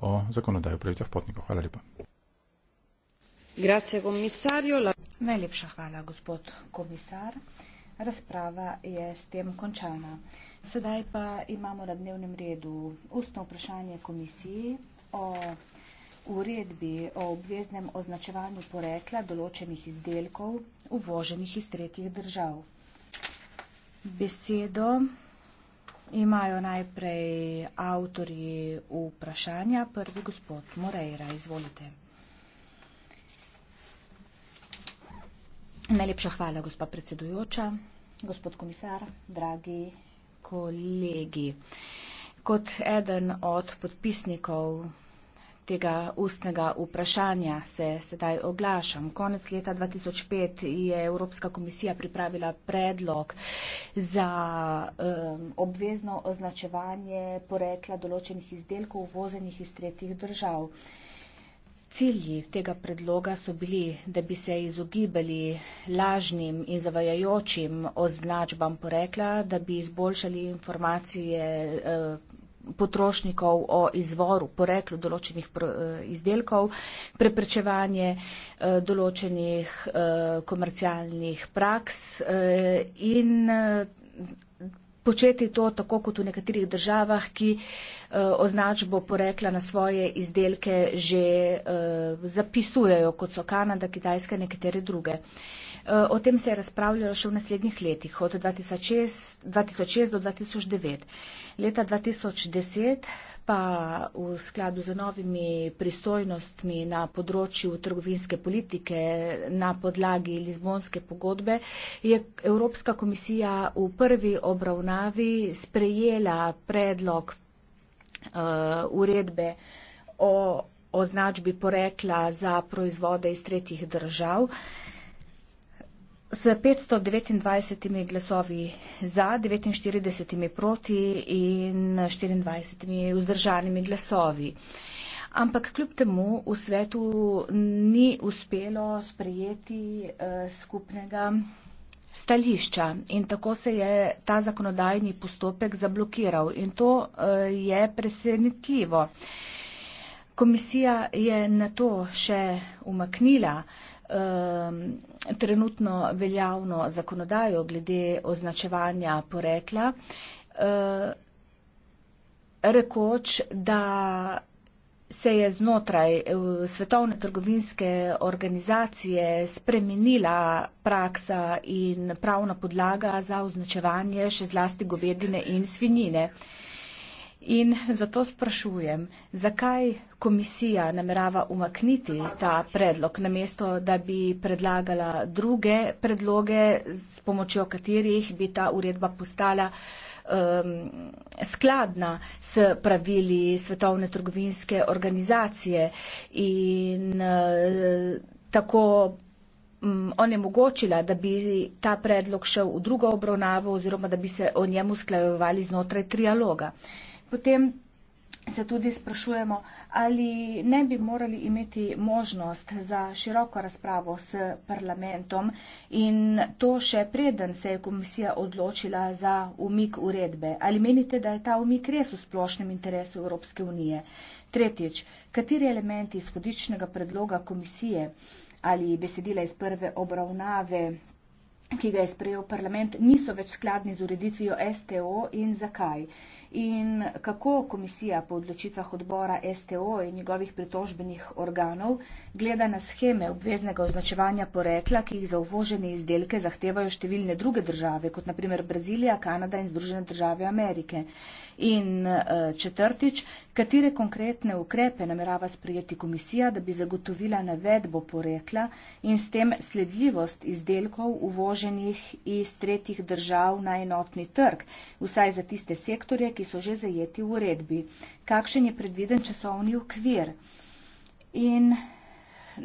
o zakonodaji o pravicah potnikov. Hvala lepa. Grazie, la... Najlepša hvala, gospod komisar. Razprava je s tem končana. Sedaj pa imamo na dnevnem redu ustno vprašanje komisiji o uredbi o obveznem označevanju porekla določenih izdelkov uvoženih iz tretjih držav. Besedo Imajo najprej avtori vprašanja. Prvi gospod Moreira, izvolite. Najlepša hvala, gospa predsedujoča, gospod komisar, dragi kolegi. Kot eden od podpisnikov tega ustnega vprašanja se sedaj oglašam. Konec leta 2005 je Evropska komisija pripravila predlog za um, obvezno označevanje porekla določenih izdelkov uvozenih iz tretjih držav. Cilji tega predloga so bili, da bi se izogibali lažnim in zavajajočim označbam porekla, da bi izboljšali informacije. Uh, potrošnikov o izvoru, poreklu določenih eh, izdelkov, preprečevanje eh, določenih eh, komercialnih praks in početi to tako kot v nekaterih državah, ki eh, označbo porekla na svoje izdelke že eh, zapisujejo, kot so Kanada, Kitajska in nekatere druge. Eh, o tem se je razpravljalo še v naslednjih letih, od 2006, 2006 do 2009. Leta 2010 pa v skladu z novimi pristojnostmi na področju trgovinske politike na podlagi Lizbonske pogodbe je Evropska komisija v prvi obravnavi sprejela predlog uh, uredbe o označbi porekla za proizvode iz tretjih držav. Uh, Z 529 glasovi za, 49 proti in 24 vzdržanimi glasovi. Ampak kljub temu v svetu ni uspelo sprejeti eh, skupnega stališča in tako se je ta zakonodajni postopek zablokiral in to eh, je presenetljivo. Komisija je na to še umaknila eh, um, trenutno veljavno zakonodajo glede označevanja porekla, uh, rekoč, da se je znotraj uh, Svetovne trgovinske organizacije spremenila praksa in pravna podlaga za označevanje še zlasti govedine in svinjine. Uh, In zato sprašujem, zakaj komisija namerava umakniti ta predlog, namesto da bi predlagala druge predloge, s pomočjo katerih bi ta uredba postala um, skladna s pravili Svetovne trgovinske organizacije in uh, tako um, onemogočila, da bi ta predlog šel v drugo obravnavo oziroma da bi se o njem usklajevali znotraj trialoga. Uh, potem se tudi sprašujemo, ali ne bi morali imeti možnost za široko razpravo s parlamentom in to še preden se je komisija odločila za umik uredbe. Ali menite, da je ta umik res v splošnem interesu Evropske unije? Tretjič, kateri elementi izhodičnega predloga komisije ali besedila iz prve obravnave, ki ga je sprejel parlament, niso več skladni z ureditvijo STO in zakaj? in kako komisija po odločitvah odbora STO in njegovih pritožbenih organov gleda na scheme obveznega označevanja porekla, ki jih za uvožene izdelke zahtevajo številne druge države, kot naprimer Brazilija, Kanada in Združene države Amerike. In eh, četrtič, katere konkretne ukrepe namerava sprejeti komisija, da bi zagotovila navedbo porekla in s tem sledljivost izdelkov uvoženih iz tretjih držav na enotni trg, vsaj za tiste sektorje, ki so že zajeti v uredbi. Kakšen je predviden časovni okvir? In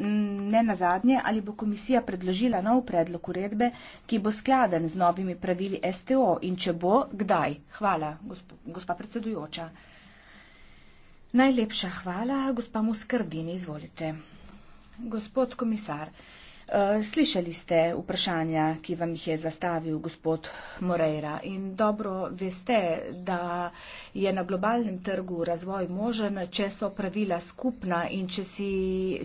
Ne na zadnje, ali bo komisija predložila nov predlog uredbe, ki bo skladen z novimi pravili STO in če bo, kdaj? Hvala, gospa, gospa predsedujoča. Najlepša hvala, gospa Muskrdini, izvolite. Gospod komisar, Eh, slišali ste vprašanja, ki vam jih je zastavil gospod Moreira in dobro veste, da je na globalnem trgu razvoj možen, če so pravila skupna in če, si,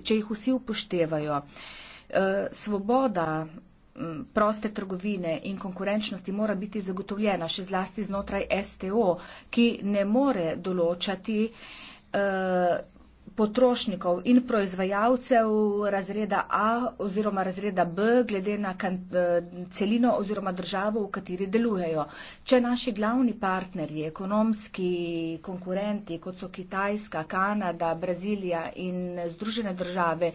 če jih vsi upoštevajo. Eh, svoboda mm, proste trgovine in konkurenčnosti mora biti zagotovljena, še zlasti znotraj STO, ki ne more določati eh, potrošnikov in proizvajalcev razreda A oziroma razreda B glede na eh, celino oziroma državo, v kateri delujejo. Če naši glavni partnerji, ekonomski konkurenti, kot so Kitajska, Kanada, Brazilija in Združene države,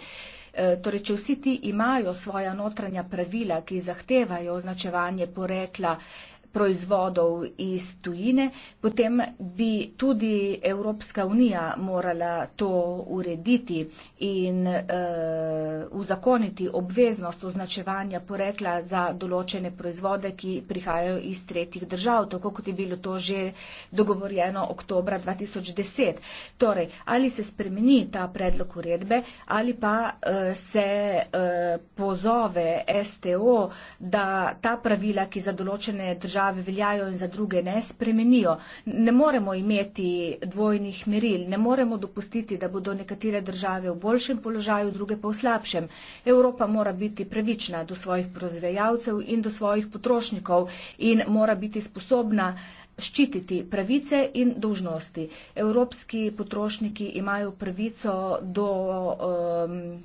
eh, Torej, če vsi ti imajo svoja notranja pravila, ki zahtevajo označevanje porekla proizvodov iz tujine, potem bi tudi Evropska unija morala to urediti in uh, uzakoniti obveznost označevanja porekla za določene proizvode, ki prihajajo iz tretjih držav, tako kot je bilo to že dogovorjeno oktobra 2010. Torej, ali se spremeni ta predlog uredbe ali pa uh, se uh, pozove STO, da ta pravila, ki za določene države države veljajo in za druge ne, spremenijo. Ne moremo imeti dvojnih meril, ne moremo dopustiti, da bodo nekatere države v boljšem položaju, druge pa v slabšem. Evropa mora biti pravična do svojih proizvajalcev in do svojih potrošnikov in mora biti sposobna ščititi pravice in dolžnosti. Evropski potrošniki imajo pravico do. Um,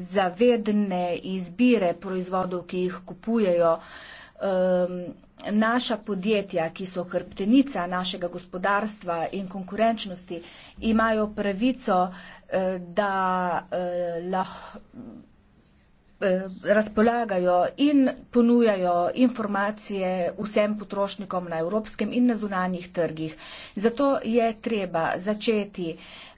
zavedne izbire proizvodov, ki jih kupujejo, uh, um, naša podjetja, ki so hrbtenica našega gospodarstva in konkurenčnosti, imajo pravico, uh, da uh, eh, lahko eh, razpolagajo in ponujajo informacije vsem potrošnikom na evropskem in na zunanjih trgih. Zato je treba začeti uh,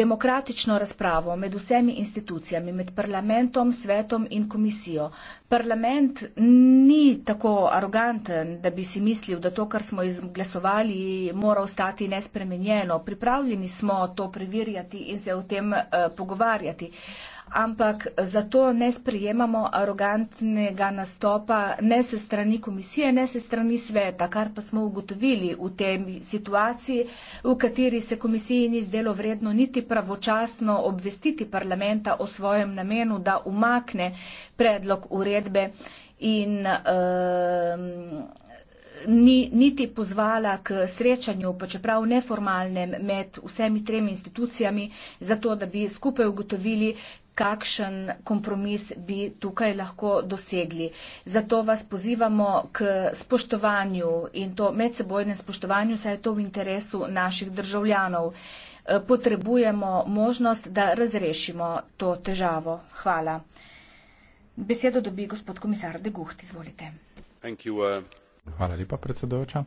demokratično razpravo med vsemi institucijami, med parlamentom, svetom in komisijo. Parlament ni tako aroganten, da bi si mislil, da to, kar smo izglasovali, mora ostati nespremenjeno. Pripravljeni smo to preverjati in se o tem uh, pogovarjati. Uh, ampak zato ne sprejemamo arogantnega nastopa ne se strani komisije, ne se strani sveta, kar pa smo ugotovili v tem situaciji, v kateri se komisiji ni zdelo vredno niti pravočasno obvestiti parlamenta o svojem namenu, da umakne predlog uredbe in um, Ni, niti pozvala k srečanju, pa čeprav neformalnem, med vsemi tremi institucijami, zato da bi skupaj ugotovili, kakšen kompromis bi tukaj lahko dosegli. Zato vas pozivamo k spoštovanju in to medsebojnem spoštovanju, saj je to v interesu naših državljanov. E, potrebujemo možnost, da razrešimo to težavo. Hvala. Besedo dobi gospod komisar De Gucht, izvolite. You, uh... Hvala lepa, predsedujoča.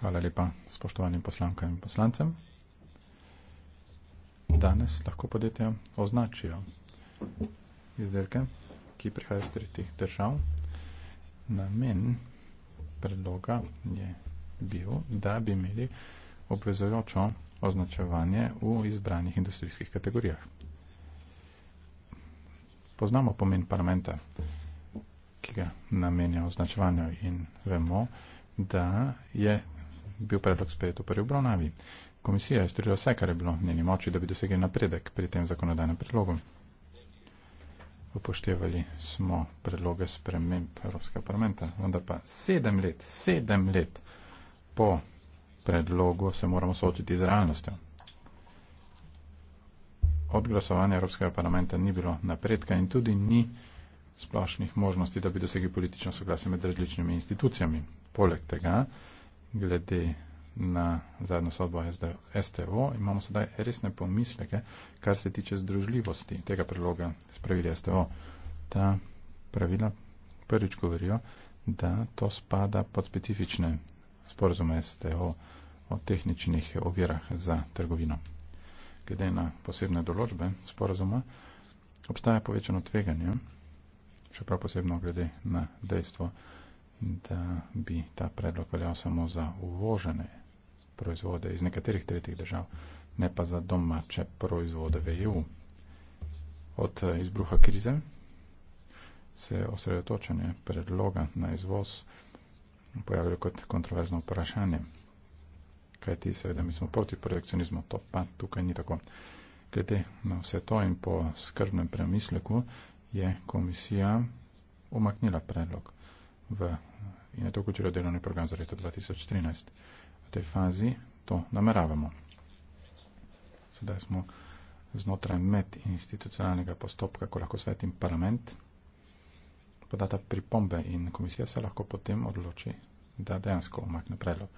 Hvala lepa spoštovanim poslankam in poslancem danes lahko podjetja označijo izdelke, ki prihajajo iz tretjih držav. Namen predloga je bil, da bi imeli obvezojočo označevanje v izbranih industrijskih kategorijah. Poznamo pomen parlamenta, ki ga namenja označevanju in vemo, da je bil predlog sprejet v prvi obravnavi. Komisija je storila vse, kar je bilo v njeni moči, da bi dosegli napredek pri tem zakonodajnem predlogu. Upoštevali smo predloge sprememb Evropskega parlamenta, vendar pa sedem let, sedem let po predlogu se moramo soočiti z realnostjo. Od glasovanja Evropskega parlamenta ni bilo napredka in tudi ni splošnih možnosti, da bi dosegli politično soglasje med različnimi institucijami. Poleg tega, glede na zadnjo sodbo STO, imamo sedaj resne pomisleke, kar se tiče združljivosti tega priloga s pravili STO. Ta pravila prvič govorijo, da to spada pod specifične sporozume STO o tehničnih ovirah za trgovino. Glede na posebne določbe sporozuma obstaja povečano tveganje, čeprav posebno glede na dejstvo, da bi ta predlog veljal samo za uvožene proizvode iz nekaterih tretjih držav, ne pa za domače proizvode v EU. Od eh, izbruha krize se je osredotočanje predloga na izvoz pojavilo kot kontroverzno vprašanje. Kaj ti seveda, mi smo proti projekcionizmu, to pa tukaj ni tako. Glede na vse to in po skrbnem premisleku je komisija umaknila predlog v, in je to vključilo delovni program za leto 2013 tej fazi to nameravamo. Sedaj smo znotraj medinstitucionalnega postopka, ko lahko svet in parlament podata pripombe in komisija se lahko potem odloči, da dejansko omakne predlog.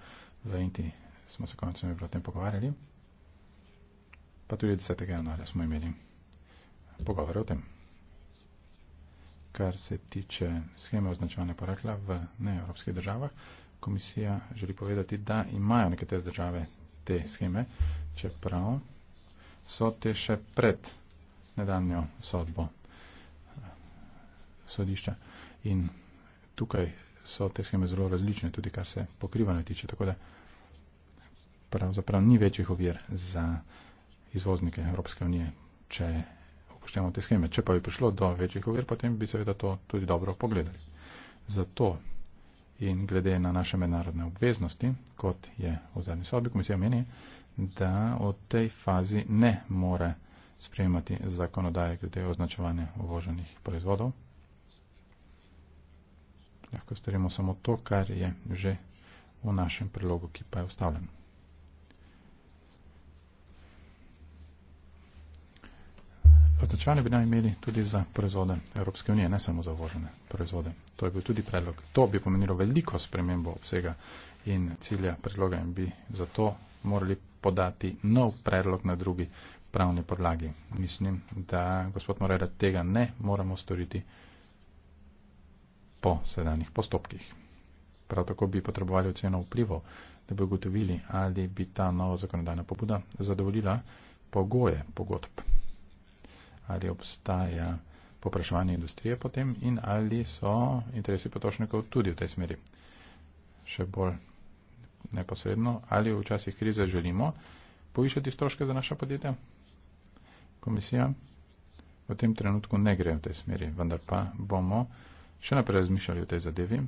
V Inti smo se koncem o tem pogovarjali, pa tudi 10. januarja smo imeli pogovore o tem. Kar se tiče scheme označevanja porekla v neevropskih državah, komisija želi povedati, da imajo nekatere države te scheme, čeprav so te še pred nedavnjo sodbo eh, sodišča. In tukaj so te scheme zelo različne, tudi kar se pokrivanja tiče. Tako da pravzaprav ni večjih ovir za izvoznike Evropske unije, če upoštevamo te scheme. Če pa bi prišlo do večjih ovir, potem bi seveda to tudi dobro pogledali. Zato in glede na naše mednarodne obveznosti, kot je v zadnji sobi komisija meni, da v tej fazi ne more sprejemati zakonodaje glede označevanja uvoženih proizvodov. Lahko storimo samo to, kar je že v našem prilogu, ki pa je ustavljen. Označevanje bi naj imeli tudi za proizvode Evropske unije, ne samo za uvožene proizvode. To je bil tudi predlog. To bi pomenilo veliko spremembo obsega in cilja predloga in bi zato morali podati nov predlog na drugi pravni podlagi. Mislim, da gospod Morera tega ne moramo storiti po sedanjih postopkih. Prav tako bi potrebovali oceno vplivov, da bi ugotovili, ali bi ta nova zakonodajna pobuda zadovoljila pogoje pogodb ali obstaja popraševanje industrije potem in ali so interesi potrošnikov tudi v tej smeri. Še bolj neposredno, ali v časih krize želimo povišati stroške za naša podjetja. Komisija v tem trenutku ne gre v tej smeri, vendar pa bomo še naprej razmišljali o tej zadevi.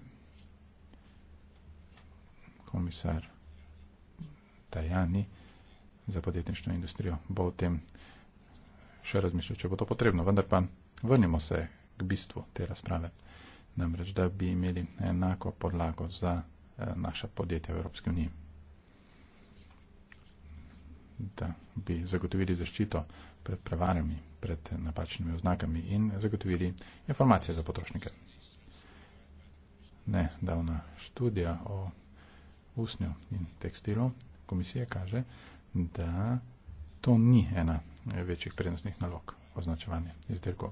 Komisar Tajani za podjetništvo in industrijo bo v tem trenutku še razmišljal, če bo to potrebno. Vendar pa vrnimo se k bistvu te razprave. Namreč, da bi imeli enako podlago za eh, naša podjetja v Evropski uniji. Da bi zagotovili zaščito pred prevarami, pred napačnimi oznakami in zagotovili informacije za potrošnike. Ne, davna študija o usnju in tekstilu komisije kaže, da to ni ena Eh, večjih prednostnih nalog označevanja izdelkov.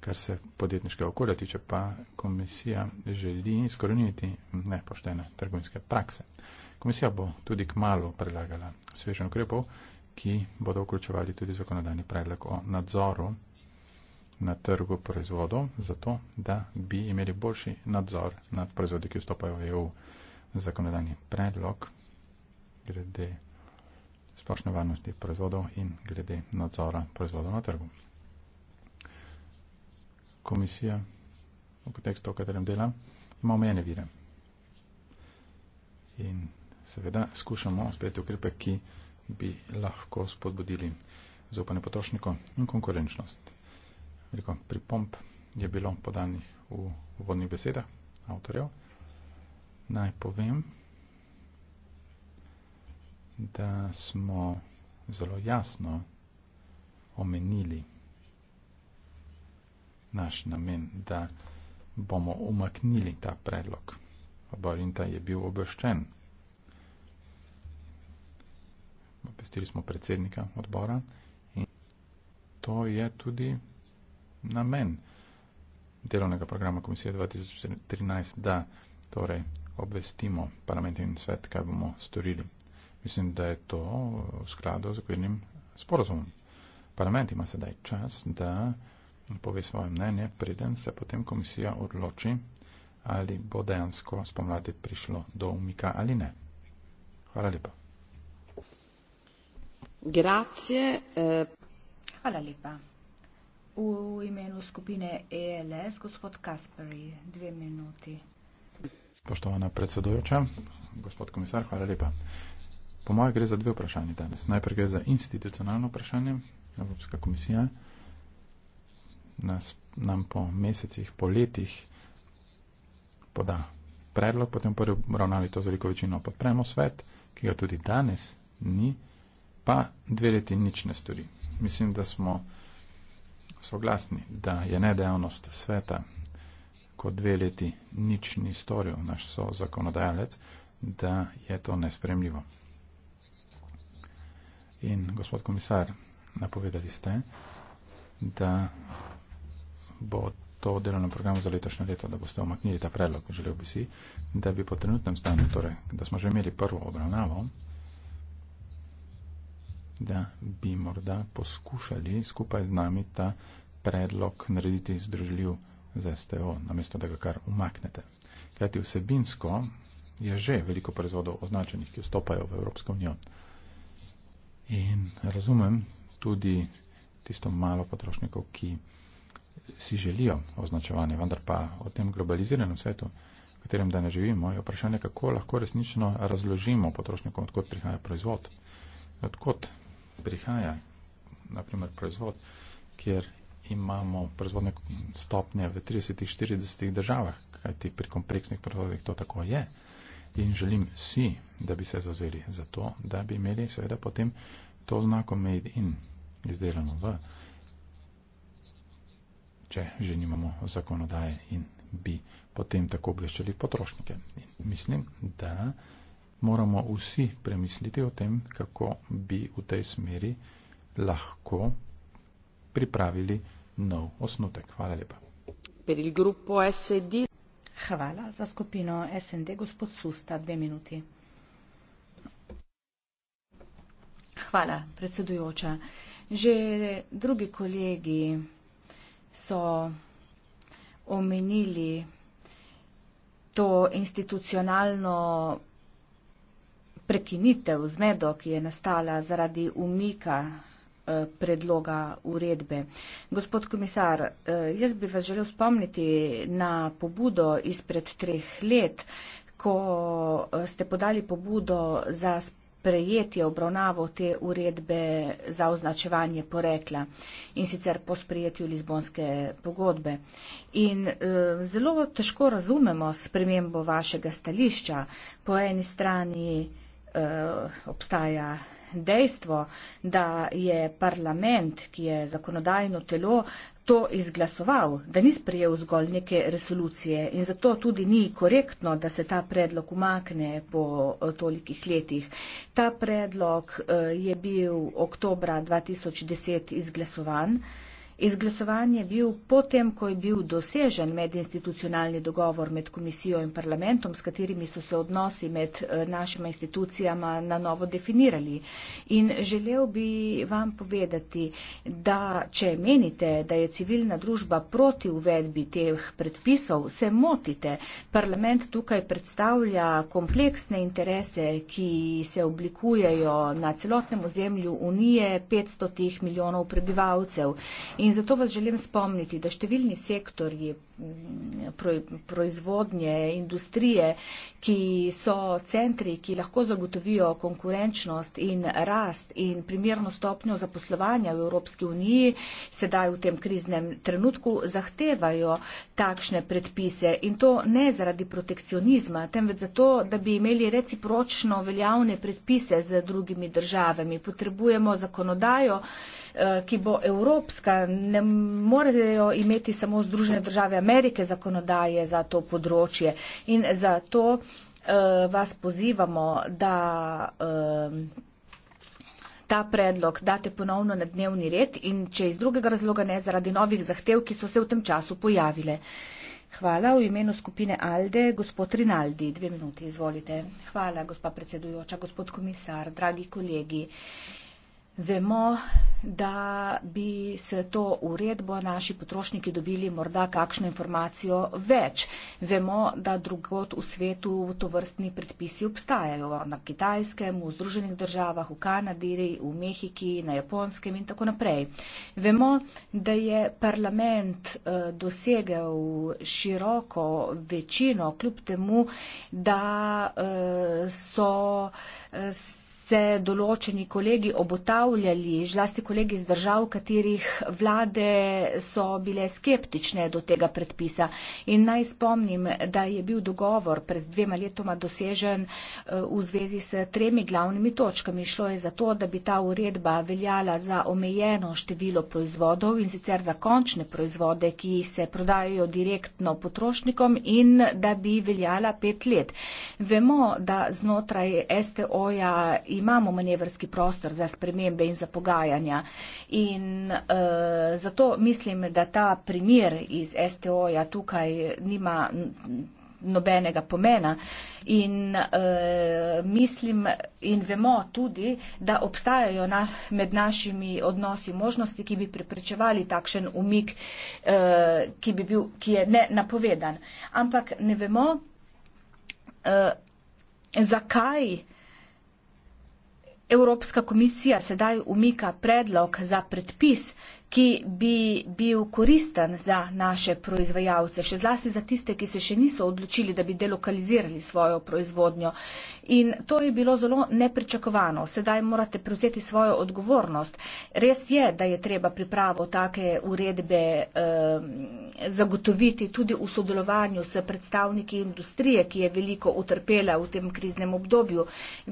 Kar se podjetniškega okolja tiče, pa komisija želi izkoreniti nepoštene trgovinske prakse. Komisija bo tudi k malu predlagala svežen ukrepov, ki bodo vključevali tudi zakonodajni predlog o nadzoru na trgu proizvodov, zato da bi imeli boljši nadzor nad proizvodi, ki vstopajo v EU. Zakonodajni predlog glede splošne varnosti proizvodov in glede nadzora proizvodov na trgu. Komisija v kontekstu, v katerem dela, ima omejene vire. In seveda skušamo uspeti ukrepe, ki bi lahko spodbudili zaupanje potrošnikov in konkurenčnost. Veliko pripomp je bilo podanih v uvodnih besedah avtorjev. Naj povem, da smo zelo jasno omenili naš namen, da bomo umaknili ta predlog. Oborinta je bil obveščen. Obvestili smo predsednika odbora in to je tudi namen delovnega programa Komisije 2013, da torej obvestimo parlament in svet, kaj bomo storili. Mislim, da je to v skladu z okvirnim sporozumom. Parlament ima sedaj čas, da pove svoje mnenje, preden se potem komisija odloči, ali bo dejansko spomladi prišlo do umika ali ne. Hvala lepa. Grazie, eh. Hvala lepa. V imenu skupine ELS, gospod Kasperi, dve minuti. Poštovana predsedujoča, gospod komisar, hvala lepa. Eh, Po mojem gre za dve vprašanje danes. Najprej gre za institucionalno vprašanje. Evropska komisija nas, nam po mesecih, po letih poda predlog, potem prvi ravnali to z veliko večino podpremo svet, ki ga tudi danes ni, pa dve leti nič ne stori. Mislim, da smo soglasni, da je nedejavnost sveta, ko dve leti nič ni storil naš so zakonodajalec, da je to nespremljivo. In gospod komisar, napovedali ste, da bo to delovno program za letošnje leto, da boste omaknili ta predlog, želel bi si, da bi po trenutnem stanju, torej, da smo že imeli prvo obravnavo, da bi morda poskušali skupaj z nami ta predlog narediti združljiv z STO, namesto da ga kar umaknete. Kajti vsebinsko je že veliko proizvodov označenih, ki vstopajo v Evropsko unijo. In razumem tudi tisto malo potrošnikov, ki si želijo označevanje, vendar pa o tem globaliziranem svetu, v katerem danes živimo, je vprašanje, kako lahko resnično razložimo potrošnikom, odkot prihaja proizvod. Odkot prihaja, naprimer, proizvod, kjer imamo proizvodne stopnje v 30-40 državah, kajti pri kompleksnih proizvodih to tako je in želim si, da bi se zazeli za to, da bi imeli seveda potem to znako made in izdelano v, če že nimamo zakonodaje in bi potem tako obveščali potrošnike. In mislim, da moramo vsi premisliti o tem, kako bi v tej smeri lahko pripravili nov osnutek. Hvala lepa. Per il gruppo SD. Hvala. Za skupino SND, gospod Susta, dve minuti. Hvala, predsedujoča. Že drugi kolegi so omenili to institucionalno prekinitev zmedo, ki je nastala zaradi umika Eh, predloga uredbe. Gospod komisar, eh, jaz bi vas želel spomniti na pobudo izpred treh let, ko eh, ste podali pobudo za sprejetje obravnavo te uredbe za označevanje porekla in sicer po sprejetju Lizbonske pogodbe. In zelo težko razumemo spremembo vašega stališča. Po eni strani obstaja dejstvo, da je parlament, ki je zakonodajno telo, to izglasoval, da ni sprejel zgolj neke resolucije in zato tudi ni korektno, da se ta predlog umakne po eh, tolikih letih. Ta predlog eh, je bil oktobra 2010 izglasovan. Izglasovan je bil potem, ko je bil dosežen medinstitucionalni dogovor med komisijo in parlamentom, s katerimi so se odnosi med eh, našima institucijama na novo definirali. In želel bi vam povedati, da če menite, da je civilna družba proti uvedbi teh predpisov, se motite. Parlament tukaj predstavlja kompleksne interese, ki se oblikujejo na celotnem ozemlju Unije 500 milijonov prebivalcev. In In zato vas želim spomniti, da številni sektori mm, proizvodnje, industrije, ki so centri, ki lahko zagotovijo konkurenčnost in rast in primerno stopnjo zaposlovanja v Evropski uniji, sedaj v tem kriznem trenutku zahtevajo takšne predpise in to ne zaradi protekcionizma, temveč zato, da bi imeli recipročno veljavne predpise z drugimi državami. Potrebujemo zakonodajo, Eh, ki bo evropska, ne morejo imeti samo Združene države Amerike zakonodaje za to področje. In zato uh, vas pozivamo, da. Uh, Ta predlog date ponovno na dnevni red in če iz drugega razloga ne zaradi novih zahtev, ki so se v tem času pojavile. Hvala v imenu skupine Alde, gospod Rinaldi. Dve minuti, izvolite. Hvala, gospa predsedujoča, gospod komisar, dragi kolegi. Uh, Vemo, da bi s to uredbo naši potrošniki dobili morda kakšno informacijo več. Vemo, da drugot v svetu to vrstni predpisi obstajajo. Na Kitajskem, v Združenih državah, v Kanadi, v Mehiki, na Japonskem in tako naprej. Vemo, da je parlament eh, dosegel široko večino, kljub temu, da eh, so eh, se določeni kolegi obotavljali, zlasti kolegi iz držav, katerih vlade so bile skeptične do tega predpisa. In naj spomnim, da je bil dogovor pred dvema letoma dosežen eh, v zvezi s tremi glavnimi točkami. Šlo je za to, da bi ta uredba veljala za omejeno število proizvodov in sicer za končne proizvode, ki se prodajajo direktno potrošnikom in da bi veljala pet let. Vemo, da znotraj STO-ja imamo manevrski prostor za spremembe in za pogajanja. In uh, zato mislim, da ta primer iz STO-ja tukaj nima nobenega pomena. In uh, mislim in vemo tudi, da obstajajo na, med našimi odnosi možnosti, ki bi preprečevali takšen umik, uh, ki, bi bil, ki je ne napovedan. Ampak ne vemo, uh, zakaj uh, Evropska komisija sedaj umika predlog za predpis, ki bi bil koristen za naše proizvajalce, še zlasti za tiste, ki se še niso odločili, da bi delokalizirali svojo proizvodnjo. In to je bilo zelo nepričakovano. Sedaj morate prevzeti svojo odgovornost. Res je, da je treba pripravo take uredbe eh, zagotoviti tudi v sodelovanju s predstavniki industrije, ki je veliko utrpela v tem kriznem obdobju.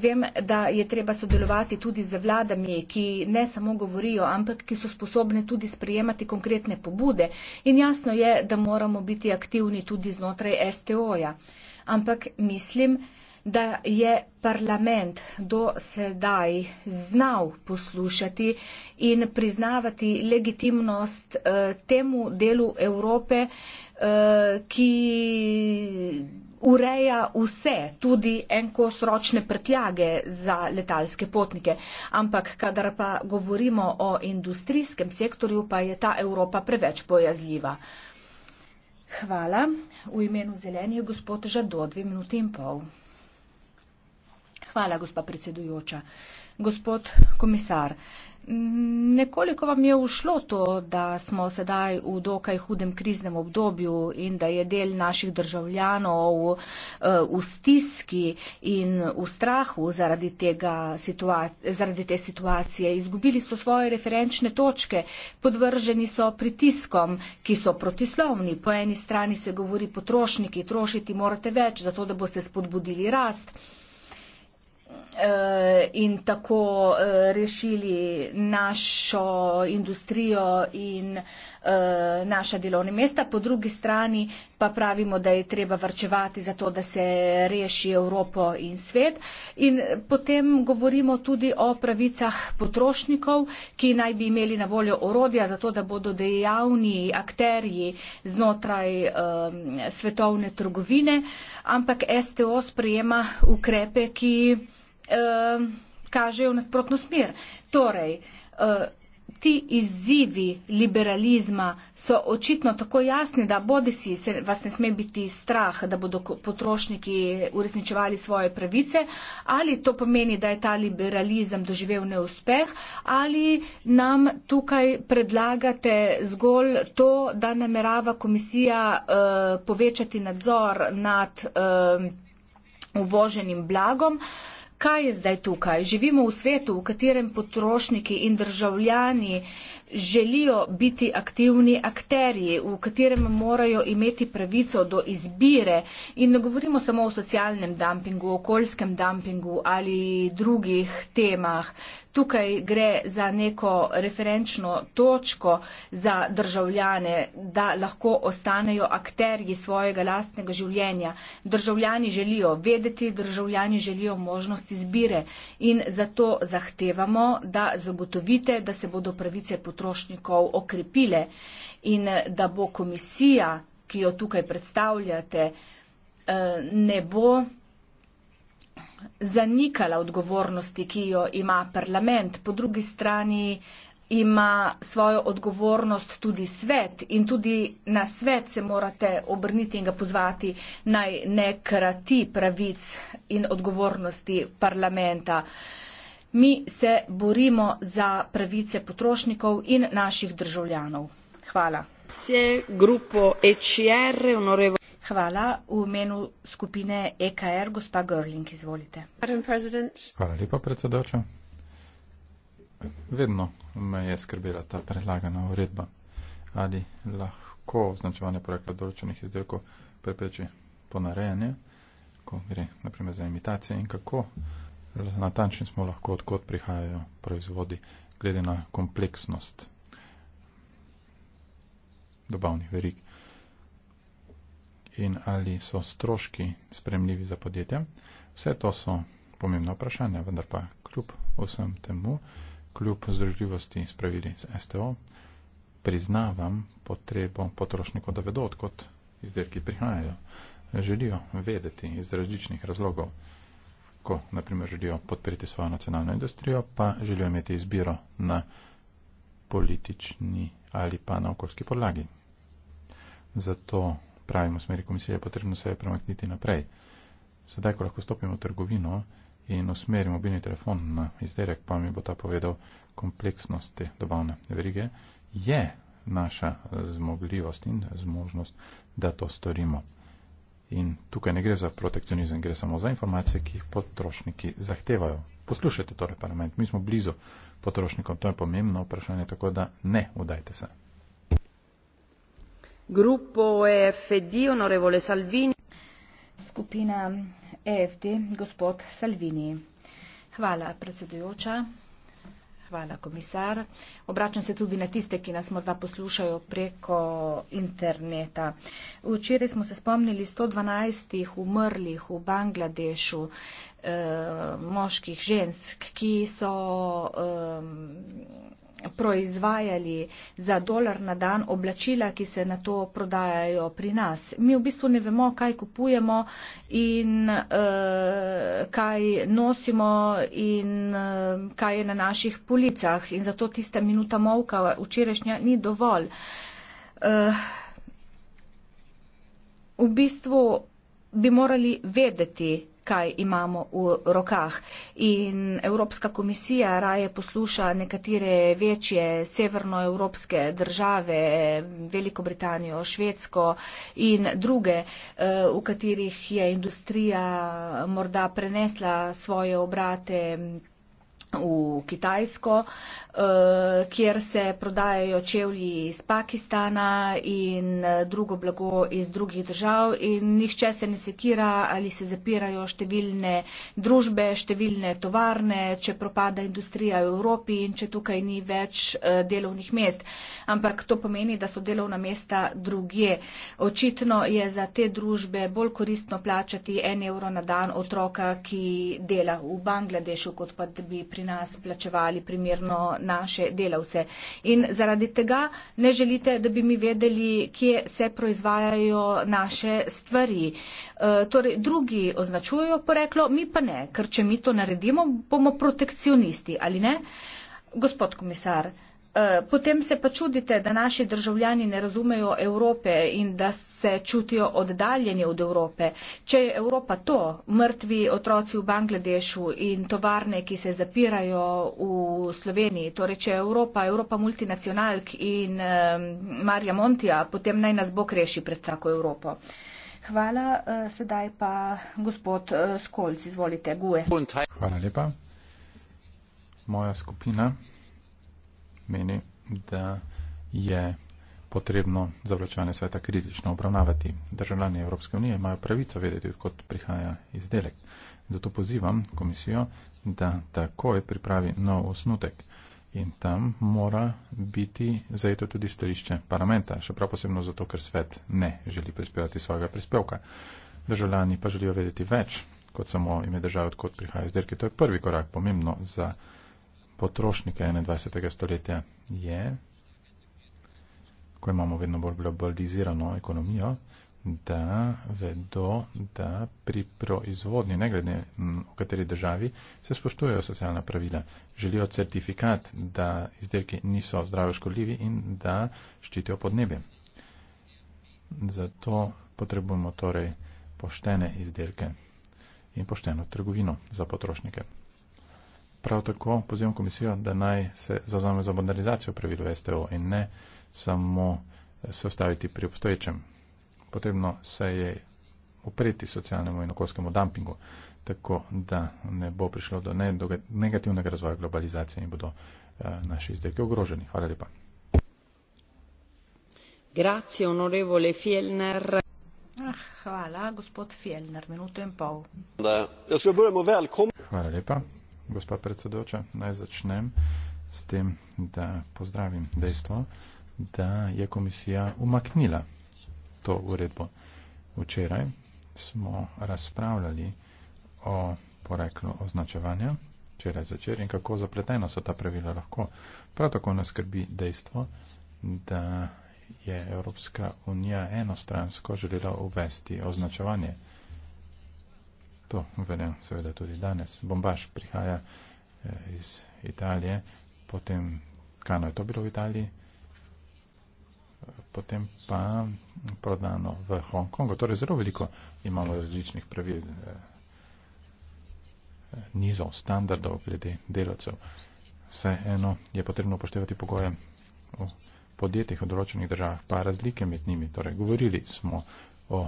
Vem, da je treba sodelovati tudi z vladami, ki ne samo govorijo, ampak ki so sposobne tudi sprejemati konkretne pobude in jasno je, da moramo biti aktivni tudi znotraj STO-ja. Ampak mislim, da je parlament do sedaj znal poslušati in priznavati legitimnost eh, temu delu Evrope, eh, ki ureja vse, tudi en kos ročne prtljage za letalske potnike. Ampak, kadar pa govorimo o industrijskem sektorju, pa je ta Evropa preveč bojazljiva. Hvala. V imenu zelenih je gospod Žado, dve minuti in pol. Hvala, gospa predsedujoča. Gospod komisar, Nekoliko vam je ušlo to, da smo sedaj v dokaj hudem kriznem obdobju in da je del naših državljanov v, eh, v stiski in v strahu zaradi, tega, zaradi te situacije. Izgubili so svoje referenčne točke, podvrženi so pritiskom, ki so protislovni. Po eni strani se govori potrošniki, trošiti morate več, zato da boste spodbudili rast. Eh, in tako eh, rešili našo industrijo in eh, naša delovna mesta. Po drugi strani pa pravimo, da je treba vrčevati za to, da se reši Evropo in svet. In potem govorimo tudi o pravicah potrošnikov, ki naj bi imeli na voljo orodja za to, da bodo dejavni akterji znotraj svetovne trgovine, ampak STO sprejema ukrepe, ki Eh, kažejo nasprotno smer. Torej, eh, ti izzivi liberalizma so očitno tako jasni, da bodi si se, vas ne sme biti strah, da bodo potrošniki uresničevali svoje pravice, ali to pomeni, da je ta liberalizem doživel neuspeh, ali nam tukaj predlagate zgolj to, da namerava komisija uh, povečati nadzor nad uh, uvoženim blagom. Uh, kaj je zdaj tukaj. Živimo v svetu, v katerem potrošniki in državljani eh, želijo biti aktivni akterji, v katerem morajo imeti pravico do izbire in ne govorimo samo o socialnem dumpingu, okoljskem dumpingu ali drugih temah. Tukaj gre za neko referenčno točko za državljane, da lahko ostanejo akterji svojega lastnega življenja. Državljani želijo vedeti, državljani želijo možnost izbire in zato zahtevamo, da zagotovite, da se bodo pravice potrebovali potrošnikov okrepile in eh, da bo komisija, ki jo tukaj predstavljate, eh, ne bo zanikala odgovornosti, ki jo ima parlament. Po drugi strani ima svojo odgovornost tudi svet in tudi na svet se morate obrniti in ga pozvati naj ne krati pravic in odgovornosti parlamenta. Uh, Mi se borimo za pravice potrošnikov in naših državljanov. Hvala. E Hvala. V imenu skupine EKR, gospa Görling, izvolite. Hvala lepa, predsedoča. Vedno me je skrbela ta predlagana uredba, ali lahko označevanje porekla določenih izdelkov prepeči ponarejanje, ko gre naprimer za imitacije in kako natančni smo lahko, odkot prihajajo proizvodi, glede na kompleksnost dobavnih verik in ali so stroški spremljivi za podjetje. Vse to so pomembna vprašanja, vendar pa kljub vsem temu, kljub združljivosti s pravili z STO, priznavam potrebo potrošnikov, da vedo, odkot izdelki prihajajo. Želijo vedeti iz različnih razlogov ko naprimer želijo podpreti svojo nacionalno industrijo, pa želijo imeti izbiro na politični ali pa na okoljski podlagi. Zato pravimo smeri komisije, je potrebno se je premakniti naprej. Sedaj, ko lahko stopimo v trgovino in usmerimo mobilni telefon na izdelek, pa mi bo ta povedal kompleksnosti dobavne verige, je naša zmogljivost in zmožnost, da to storimo. In tukaj ne gre za protekcionizem, gre samo za informacije, ki jih potrošniki zahtevajo. Poslušajte torej parlament, mi smo blizu potrošnikom, to je pomembno vprašanje, tako da ne udajte se. EFD, Skupina EFD, gospod Salvini. Hvala, predsedujoča. Hvala, komisar. Obračam se tudi na tiste, ki nas morda poslušajo preko interneta. Včeraj smo se spomnili 112 umrlih v Bangladešu, eh, moških žensk, ki so. Eh, proizvajali za dolar na dan oblačila, ki se na to prodajajo pri nas. Mi v bistvu ne vemo, kaj kupujemo in uh, kaj nosimo in uh, kaj je na naših policah. In zato tista minuta molka včerajšnja ni dovolj. Uh, v bistvu bi morali vedeti, kaj imamo v rokah. In Evropska komisija raje posluša nekatere večje severnoevropske države, Veliko Britanijo, Švedsko in druge, eh, v katerih je industrija morda prenesla svoje obrate v Kitajsko, eh, kjer se prodajajo čevlji iz Pakistana in eh, drugo blago iz drugih držav in nihče se ne sekira ali se zapirajo številne družbe, številne tovarne, če propada industrija v Evropi in če tukaj ni več eh, delovnih mest. Ampak to pomeni, da so delovna mesta druge. Očitno je za te družbe bolj koristno plačati en evro na dan otroka, ki dela v Bangladešu, kot pa da bi pri pri nas plačevali primerno naše delavce. In zaradi tega ne želite, da bi mi vedeli, kje se proizvajajo naše stvari. E, torej, drugi označujejo poreklo, mi pa ne, ker če mi to naredimo, bomo protekcionisti, ali ne? Gospod komisar, Eh, potem se pa čudite, da naši državljani ne razumejo Evrope in da se čutijo oddaljeni od Evrope. Če je Evropa to, mrtvi otroci v Bangladešu in tovarne, ki se zapirajo v Sloveniji, torej če je Evropa, Evropa multinacionalk in uh, Marja Montija, potem naj nas Bog reši pred tako Evropo. Hvala, uh, sedaj pa gospod uh, eh, Skolc, izvolite, Gue. Hvala lepa. Moja skupina meni, da je potrebno zavlačevanje sveta kritično obravnavati. Državljani Evropske unije imajo pravico vedeti, kot prihaja izdelek. Zato pozivam komisijo, da takoj pripravi nov osnutek. In tam mora biti zajeto tudi stališče parlamenta, še prav posebno zato, ker svet ne želi prispevati svojega prispevka. Državljani pa želijo vedeti več, kot samo ime države, odkot prihaja izdelek. To je prvi korak, pomembno za potrošnike 21. stoletja je, ko imamo vedno bolj globalizirano ekonomijo, da vedo, da pri proizvodnji, ne glede v kateri državi, se spoštujejo socialna pravila. Želijo certifikat, da izdelki niso zdravje škodljivi in da ščitijo podnebje. Zato potrebujemo torej poštene izdelke in pošteno trgovino za potrošnike. Prav tako pozivam komisijo, da naj se zazame za modernizacijo pravil v STO in ne samo eh, se ostaviti pri obstoječem. Potrebno se je opreti socialnemu in okoljskemu dumpingu, tako da ne bo prišlo do negativnega razvoja globalizacije in bodo eh, naši izdelki ogroženi. Hvala lepa. Grazie, onorevole Fjellner. Ah, hvala, gospod Fjellner, minuto in pol. Da, jaz ga budemo velkom. Hvala lepa gospa predsedoča, naj začnem s tem, da pozdravim dejstvo, da je komisija umaknila to uredbo. Včeraj smo razpravljali o poreklu označevanja, včeraj začer in kako zapletena so ta pravila lahko. Prav tako nas skrbi dejstvo, da je Evropska unija enostransko želela uvesti označevanje. To velja seveda tudi danes. Bombaž prihaja eh, iz Italije, potem kano je to bilo v Italiji, eh, potem pa prodano v Hongkongu. Torej zelo veliko imamo različnih pravil, eh, nizov, standardov glede delavcev. Vseeno je potrebno upoštevati pogoje v podjetjih v določenih državah, pa razlike med njimi. Torej, govorili smo o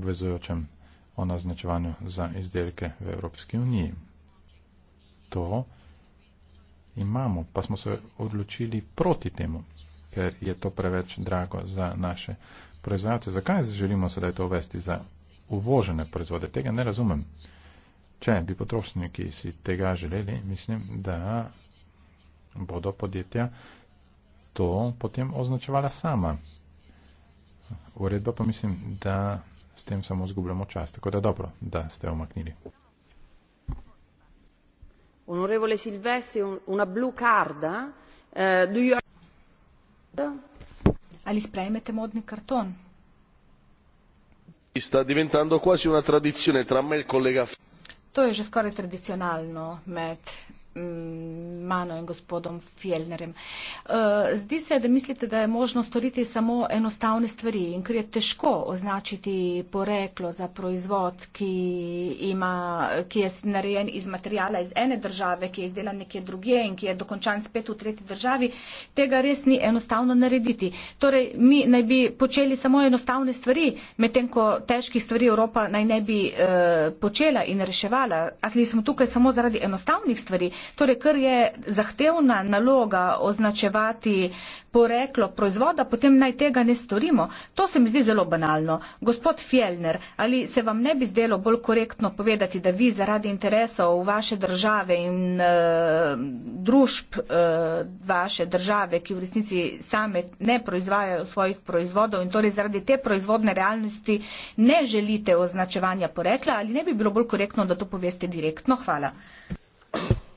obvezujočem o naznačevanju za izdelke v Evropski uniji. To imamo, pa smo se odločili proti temu, ker je to preveč drago za naše proizvajalce. Zakaj želimo sedaj to uvesti za uvožene proizvode? Tega ne razumem. Če bi potrošniki si tega želeli, mislim, da bodo podjetja to potem označevala sama. Uredba pa mislim, da s tem samo zgubljamo čas. Tako da dobro, da ste omaknili. Onorevole Silvestri, una blu carda. Uh, eh? eh, you... Ali sprejmete modni karton? Sta diventando quasi una tradizione tra me e il collega. To je že skoraj tradicionalno med mano in gospodom Fjellnerjem. Eh, zdi se, da mislite, da je možno storiti samo enostavne stvari in ker je težko označiti poreklo za proizvod, ki, ima, ki je narejen iz materijala iz ene države, ki je izdelan nekje druge in ki je dokončan spet v tretji državi, tega res ni enostavno narediti. Torej, mi naj bi počeli samo enostavne stvari, medtem ko težkih stvari Evropa naj ne bi uh, počela in reševala. Ali smo tukaj samo zaradi enostavnih stvari? Torej, ker je zahtevna naloga označevati poreklo proizvoda, potem naj tega ne storimo. To se mi zdi zelo banalno. Gospod Fjellner, ali se vam ne bi zdelo bolj korektno povedati, da vi zaradi interesov vaše države in uh, družb uh, vaše države, ki v resnici same ne proizvajajo svojih proizvodov in torej zaradi te proizvodne realnosti ne želite označevanja porekla, ali ne bi bilo bolj korektno, da to poveste direktno? Hvala.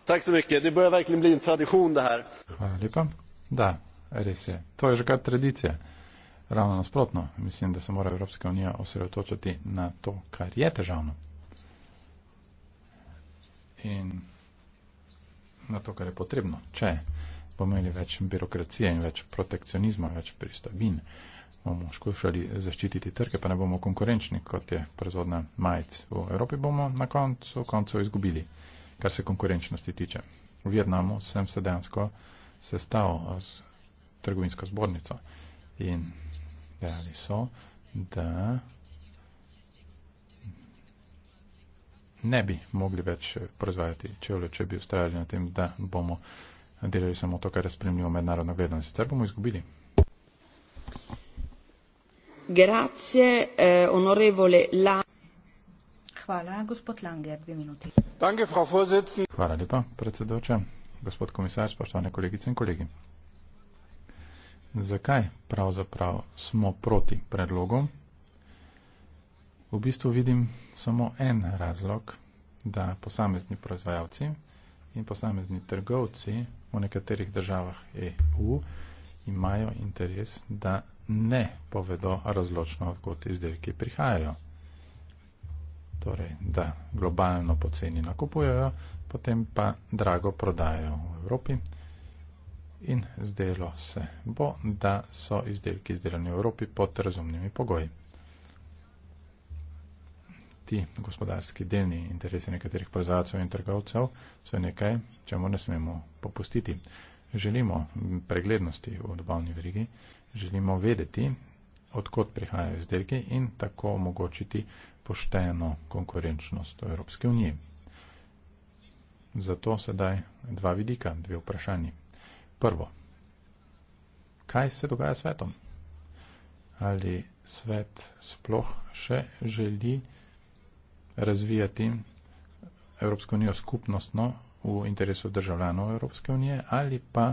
Tack så mycket. Det börjar verkligen bli en tradition det här. Hvala lepa. Da, res je. To je že kar tradicija. Ravno nasprotno, mislim, da se mora Evropska unija osredotočiti na to, kar je težavno. In na to, kar je potrebno. Če pomeni več birokracije in več protekcionizma, več pristojbin, bomo skušali zaščititi trge, pa ne bomo konkurenčni, kot je proizvodna majic v Evropi, bomo na koncu, koncu izgubili kar se konkurenčnosti tiče. V Vietnamu sem se dejansko sestal eh, s trgovinsko zbornico in dejali so, da ne bi mogli več proizvajati čevlje, če bi ustrajali na tem, da bomo delali samo to, kar je spremljivo mednarodno gledano. Sicer bomo izgubili. Grazie, eh, onorevole La. Hvala, gospod Langer, dve minuti. Danke, Hvala lepa, predsedoča, gospod komisar, spoštovane kolegice in kolegi. Zakaj pravzaprav smo proti predlogom? V bistvu vidim samo en razlog, da posamezni proizvajalci in posamezni trgovci v nekaterih državah EU imajo interes, da ne povedo razločno, odkot izdelki prihajajo torej da globalno poceni nakupujejo, potem pa drago prodajajo v Evropi. In zdelo se bo, da so izdelki izdelani v Evropi pod razumnimi pogoji. Ti gospodarski delni interesi nekaterih proizvajalcev in trgovcev so nekaj, čemu ne smemo popustiti. Želimo preglednosti v dobavni verigi, želimo vedeti, odkot prihajajo izdelki in tako omogočiti pošteno konkurenčnost v Evropske unije. Zato sedaj dva vidika, dve vprašanji. Prvo, kaj se dogaja s svetom? Ali svet sploh še želi razvijati Evropsko unijo skupnostno v interesu državljanov Evropske unije ali pa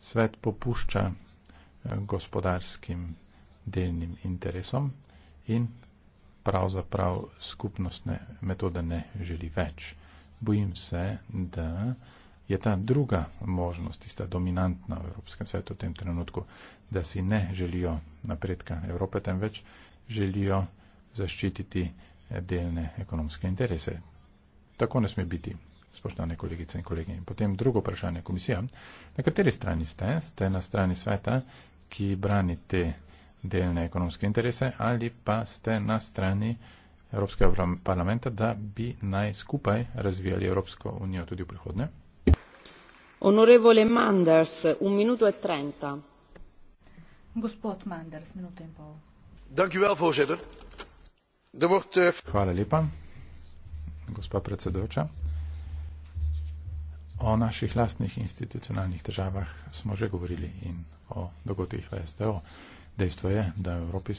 svet popušča gospodarskim delnim interesom in pravzaprav skupnostne metode ne želi več. Bojim se, da je ta druga možnost, tista dominantna v Evropskem svetu v tem trenutku, da si ne želijo napredka Evrope, temveč želijo zaščititi delne ekonomske interese. Tako ne sme biti, spoštovane kolegice in kolegi. Potem drugo vprašanje komisija. Na kateri strani ste? Ste na strani sveta, ki brani te delne ekonomske interese ali pa ste na strani Evropskega parlamenta, da bi naj skupaj razvijali Evropsko unijo tudi v prihodnje. Onorevole Manders, un minuto e trenta. Gospod Manders, minuto in pol. Dankjewel, voorzitter. Da er wordt... Eh, Hvala lepa, gospa predsedujoča. O naših lastnih institucionalnih državah smo že govorili in o dogodkih v STO. Dejstvo je, da v Evropi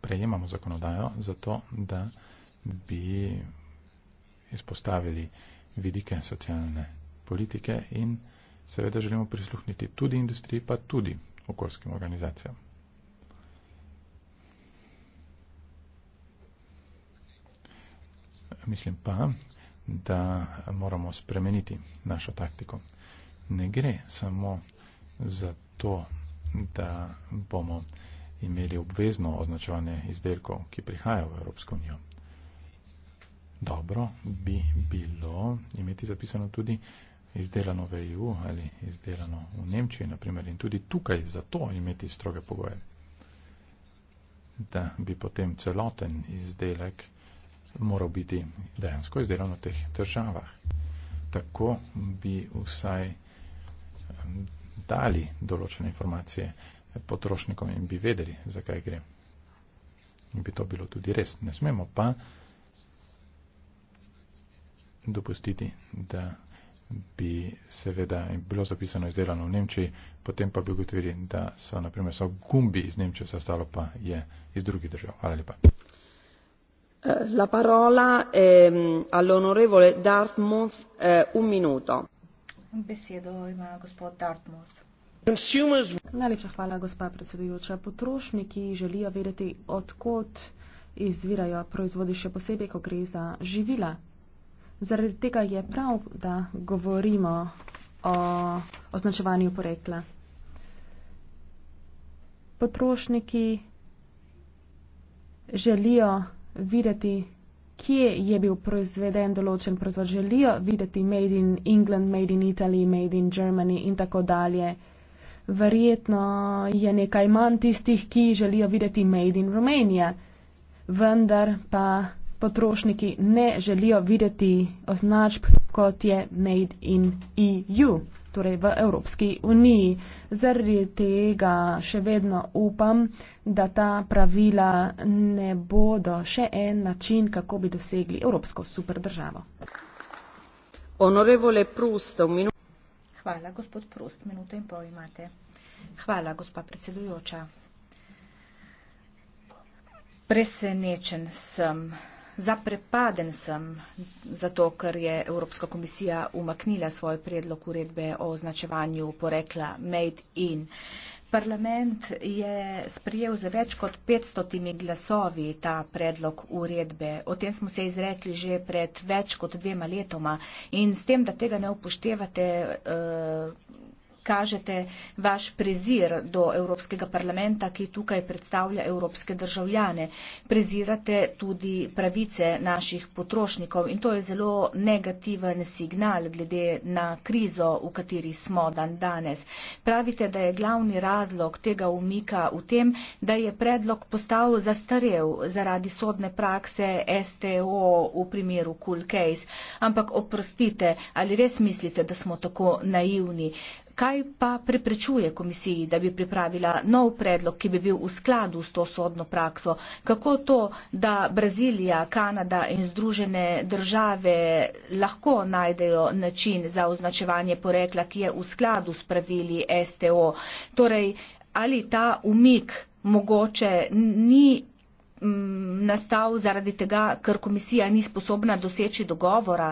prejemamo zakonodajo zato, da bi izpostavili vidike socialne politike in seveda želimo prisluhniti tudi industriji, pa tudi okoljskim organizacijam. Mislim pa, da moramo spremeniti našo taktiko. Ne gre samo za to, da bomo imeli obvezno označevanje izdelkov, ki prihajajo v Evropsko unijo. Dobro bi bilo imeti zapisano tudi izdelano v EU ali izdelano v Nemčiji, naprimer, in tudi tukaj za to imeti stroge pogoje, da bi potem celoten izdelek moral biti dejansko izdelan v teh državah. Tako bi vsaj dali določene informacije potrošnikom in bi vedeli, zakaj gre. In bi to bilo tudi res. Ne smemo pa dopustiti, da bi seveda bilo zapisano izdelano v Nemčiji, potem pa bi ugotovili, da so naprimer so gumbi iz Nemčije, vse ostalo pa je iz drugih držav. Hvala lepa. Eh, la parola è ehm, all'onorevole Dartmouth eh, un minuto. Besedo ima gospod Dartmouth. Najlepša hvala, gospa predsedujoča. Potrošniki želijo vedeti, odkot izvirajo proizvodi, še posebej, ko gre za živila. Zaradi tega je prav, da govorimo o označevanju porekla. Potrošniki želijo videti kje je bil proizveden določen proizvod. Želijo videti Made in England, Made in Italy, Made in Germany in tako dalje. Verjetno je nekaj manj tistih, ki želijo videti Made in Romania, vendar pa potrošniki ne želijo videti označb kot je Made in EU torej v Evropski uniji. Zaradi tega še vedno upam, da ta pravila ne bodo še en način, kako bi dosegli evropsko superdržavo. Hvala, gospod Prost, minuto in pol imate. Hvala, gospa predsedujoča. Presenečen sem. Zaprepaden sem zato, ker je Evropska komisija umaknila svoj predlog uredbe o označevanju porekla Made in. Parlament je sprijel za več kot 500 glasovi ta predlog uredbe. O tem smo se izrekli že pred več kot dvema letoma in s tem, da tega ne upoštevate. Uh, kažete vaš prezir do Evropskega parlamenta, ki tukaj predstavlja evropske državljane. Prezirate tudi pravice naših potrošnikov in to je zelo negativen signal glede na krizo, v kateri smo dan danes. Pravite, da je glavni razlog tega umika v tem, da je predlog postal zastarev zaradi sodne prakse STO v primeru Cool Case. Ampak oprostite, ali res mislite, da smo tako naivni? Kaj pa preprečuje komisiji, da bi pripravila nov predlog, ki bi bil v skladu s to sodno prakso? Kako to, da Brazilija, Kanada in Združene države lahko najdejo način za označevanje porekla, ki je v skladu s pravili STO? Torej, ali ta umik mogoče ni mm, nastal zaradi tega, ker komisija ni sposobna doseči dogovora.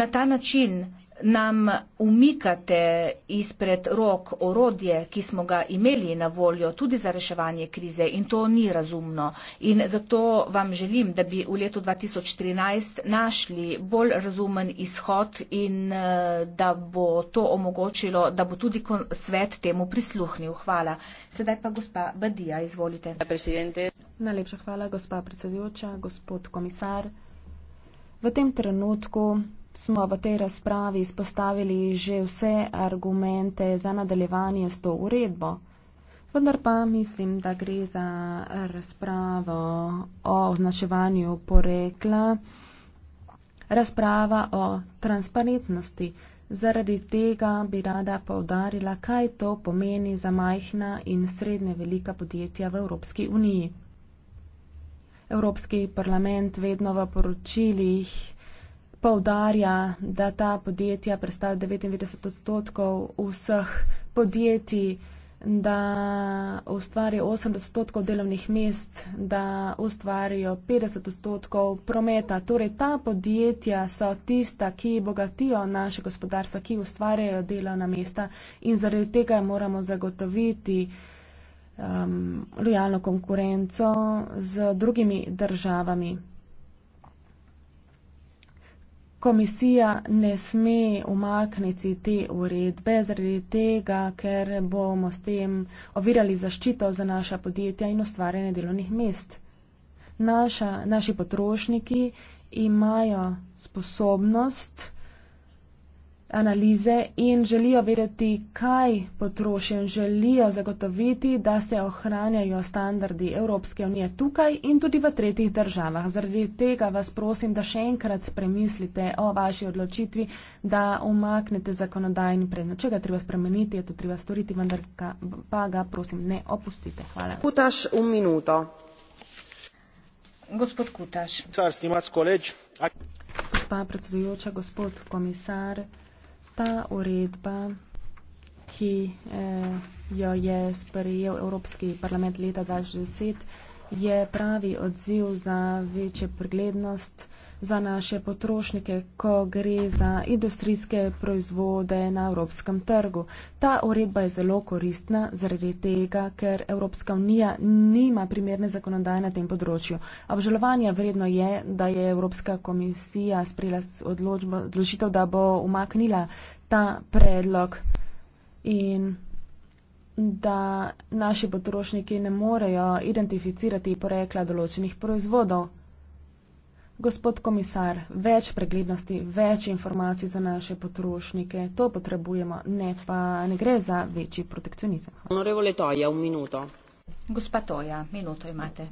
Na ta način nam umikate izpred rok orodje, ki smo ga imeli na voljo tudi za reševanje krize in to ni razumno. In zato vam želim, da bi v letu 2013 našli bolj razumen izhod in eh, da bo to omogočilo, da bo tudi svet temu prisluhnil. Hvala. Sedaj pa gospa Badija, izvolite. Najlepša hvala, gospa predsedujoča, gospod komisar. V tem trenutku smo v tej razpravi izpostavili že vse argumente za nadaljevanje s to uredbo. Vendar pa mislim, da gre za razpravo o označevanju porekla, razprava o transparentnosti. Zaradi tega bi rada povdarila, kaj to pomeni za majhna in srednje velika podjetja v Evropski uniji. Evropski parlament vedno v poročilih poudarja, da ta podjetja predstavlja 99 odstotkov vseh podjetij, da ustvarijo 80 odstotkov delovnih mest, da ustvarijo 50 odstotkov prometa. Torej, ta podjetja so tista, ki bogatijo naše gospodarstvo, ki ustvarjajo delovna mesta in zaradi tega moramo zagotoviti um, lojalno konkurenco z drugimi državami komisija ne sme umakniti te uredbe zaradi tega, ker bomo s tem ovirali zaščito za naša podjetja in ustvarjanje delovnih mest. Naša, naši potrošniki imajo sposobnost analize in želijo vedeti, kaj potrošijo in želijo zagotoviti, da se ohranjajo standardi Evropske unije tukaj in tudi v tretjih državah. Zaradi tega vas prosim, da še enkrat premislite o vaši odločitvi, da umaknete zakonodajni predmet. Če ga treba spremeniti, je to treba storiti, vendar pa ga prosim ne opustite. Hvala. Kutaš v minuto. Gospod Kutaš. Gospa predsedujoča, gospod komisar ta uredba, ki eh, jo je sprejel Evropski parlament leta 2010, je pravi odziv za večjo preglednost za naše potrošnike, ko gre za industrijske proizvode na evropskem trgu. Ta uredba je zelo koristna zaradi tega, ker Evropska unija nima primerne zakonodaje na tem področju. Obžalovanja vredno je, da je Evropska komisija sprejela odločitev, da bo umaknila ta predlog in da naši potrošniki ne morejo identificirati porekla določenih proizvodov. Gospod komisar, več preglednosti, več informacij za naše potrošnike, to potrebujemo, ne pa ne gre za večji protekcionizem. Toja, Gospa Toja, minuto imate.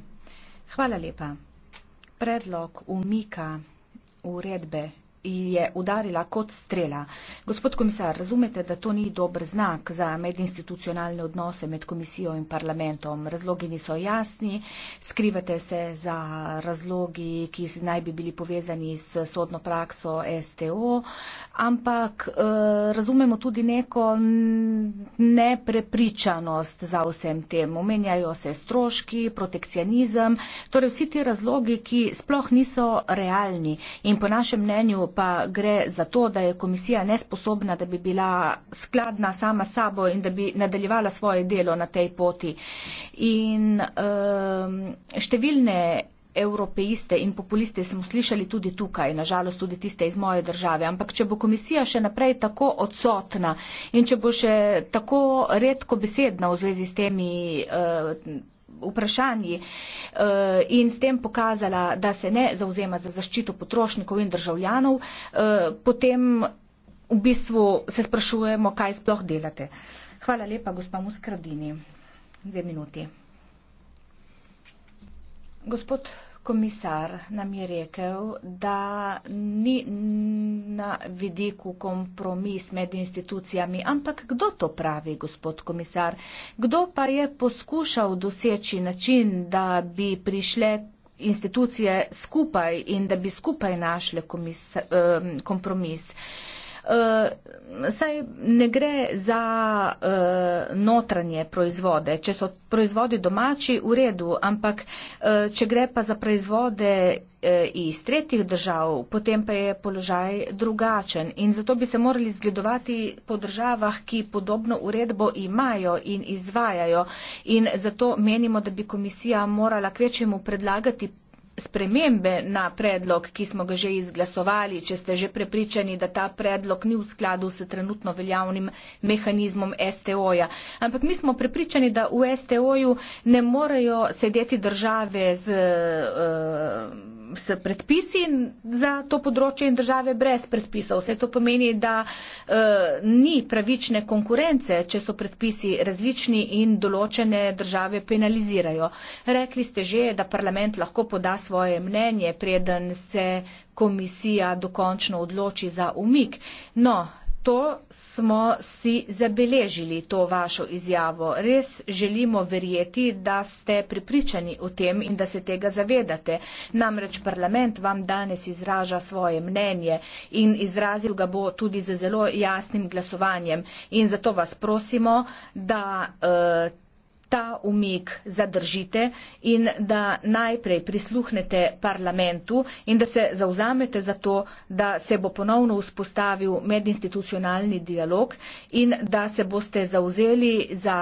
Hvala lepa. Predlog umika uredbe ji je udarila kot strela. Gospod komisar, razumete, da to ni dober znak za medinstitucionalne odnose med komisijo in parlamentom. Razlogi niso jasni, skrivate se za razlogi, ki naj bi bili povezani s sodno prakso STO, ampak eh, razumemo tudi neko neprepričanost za vsem tem. Omenjajo se stroški, protekcionizem, torej vsi ti razlogi, ki sploh niso realni in po našem mnenju pa gre za to, da je komisija nesposobna, da bi bila skladna sama sabo in da bi nadaljevala svoje delo na tej poti. In um, številne evropejiste in populiste smo slišali tudi tukaj, nažalost tudi tiste iz moje države. Ampak če bo komisija še naprej tako odsotna in če bo še tako redko besedna v zvezi s temi. Uh, vprašanji eh, in s tem pokazala, da se ne zauzema za zaščito potrošnikov in državljanov, eh, potem v bistvu se sprašujemo, kaj sploh delate. Hvala lepa, gospa Muskradini. Dve minuti. Gospod komisar nam je rekel, da ni na vidiku kompromis med institucijami, ampak kdo to pravi, gospod komisar? Kdo pa je poskušal doseči način, da bi prišle institucije skupaj in da bi skupaj našle komis, eh, kompromis? uh, saj ne gre za uh, notranje proizvode. Če so proizvodi domači, v redu, ampak uh, če gre pa za proizvode uh, iz tretjih držav, potem pa je položaj drugačen. In zato bi se morali zgledovati po državah, ki podobno uredbo imajo in izvajajo. In zato menimo, da bi komisija morala kvečjemu predlagati spremembe na predlog, ki smo ga že izglasovali, če ste že prepričani, da ta predlog ni v skladu s trenutno veljavnim mehanizmom STO-ja. Ampak mi smo prepričani, da v STO-ju ne morejo sedeti države z. Uh, s predpisi za to področje in države brez predpisov. Vse to pomeni, da e, ni pravične konkurence, če so predpisi različni in določene države penalizirajo. Rekli ste že, da parlament lahko poda svoje mnenje, preden se komisija dokončno odloči za umik. No, To smo si zabeležili, to vašo izjavo. Res želimo verjeti, da ste pripričani o tem in da se tega zavedate. Namreč parlament vam danes izraža svoje mnenje in izrazil ga bo tudi z zelo jasnim glasovanjem. In zato vas prosimo, da. Uh, ta umik zadržite in da najprej prisluhnete parlamentu in da se zauzamete za to, da se bo ponovno vzpostavil medinstitucionalni dialog in da se boste zauzeli za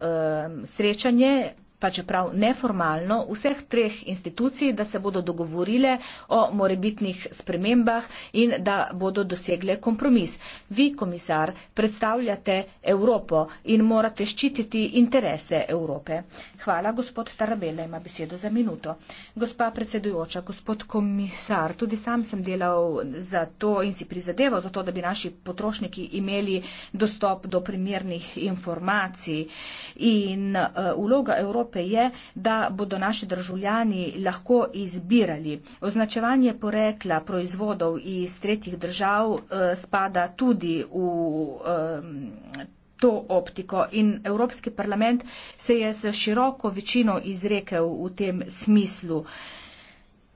um, srečanje pa čeprav neformalno, vseh treh institucij, da se bodo dogovorile o morebitnih spremembah in da bodo dosegle kompromis. Vi, komisar, predstavljate Evropo in morate ščititi interese Evrope. Hvala, gospod Tarabela, ima besedo za minuto. Gospa predsedujoča, gospod komisar, tudi sam sem delal za to in si prizadeval za to, da bi naši potrošniki imeli dostop do primernih informacij in uh, vloga Evrope Evrope je, da bodo naši državljani lahko izbirali. Označevanje porekla proizvodov iz tretjih držav eh, spada tudi v eh, to optiko in Evropski parlament se je s široko večino izrekel v tem smislu.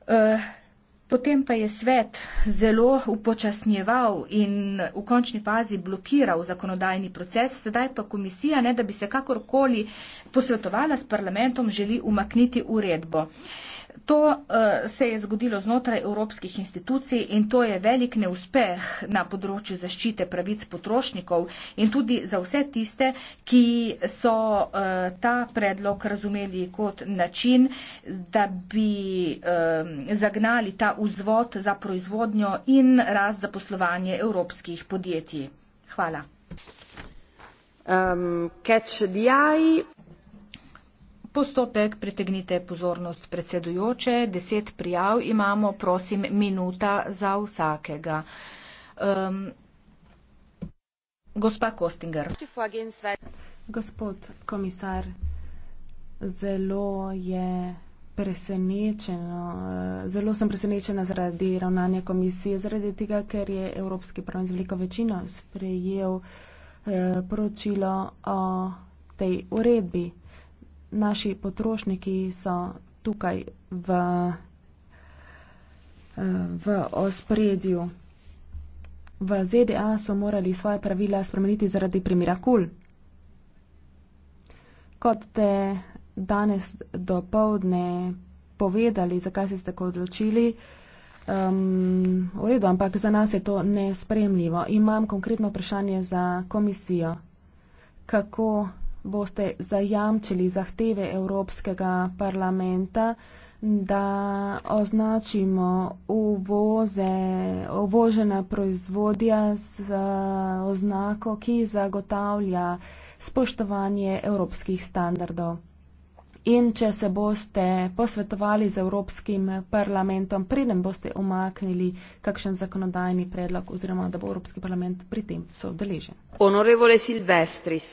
Eh, Potem pa je svet zelo upočasnjeval in v končni fazi blokiral zakonodajni proces, sedaj pa komisija, ne da bi se kakorkoli posvetovala s parlamentom, želi umakniti uredbo. To uh, se je zgodilo znotraj evropskih institucij in to je velik neuspeh na področju zaščite pravic potrošnikov in tudi za vse tiste, ki so uh, ta predlog razumeli kot način, da bi um, zagnali ta vzvod za proizvodnjo in rast zaposlovanje evropskih podjetij. Hvala. Um, catch the eye postopek, pritegnite pozornost predsedujoče, deset prijav imamo, prosim, minuta za vsakega. Um, gospa Kostinger. Gospod komisar, zelo je presenečeno, zelo sem presenečena zaradi ravnanja komisije, zaradi tega, ker je Evropski parlament z veliko večino sprejel eh, poročilo o tej uredbi. Eh, naši potrošniki so tukaj v, eh, v ospredju. V ZDA so morali svoje pravila spremeniti zaradi primira kul. Kot ste danes do povdne povedali, zakaj ste se tako odločili, um, v redu, ampak za nas je to nespremljivo. Imam konkretno vprašanje za komisijo. Kako boste zajamčili zahteve Evropskega parlamenta, da označimo uvoze, uvožena proizvodja z oznako, ki zagotavlja spoštovanje evropskih standardov. In če se boste posvetovali z Evropskim parlamentom, preden boste omaknili kakšen zakonodajni predlog oziroma da bo Evropski parlament pri tem sodeležen. Onorevole Silvestris.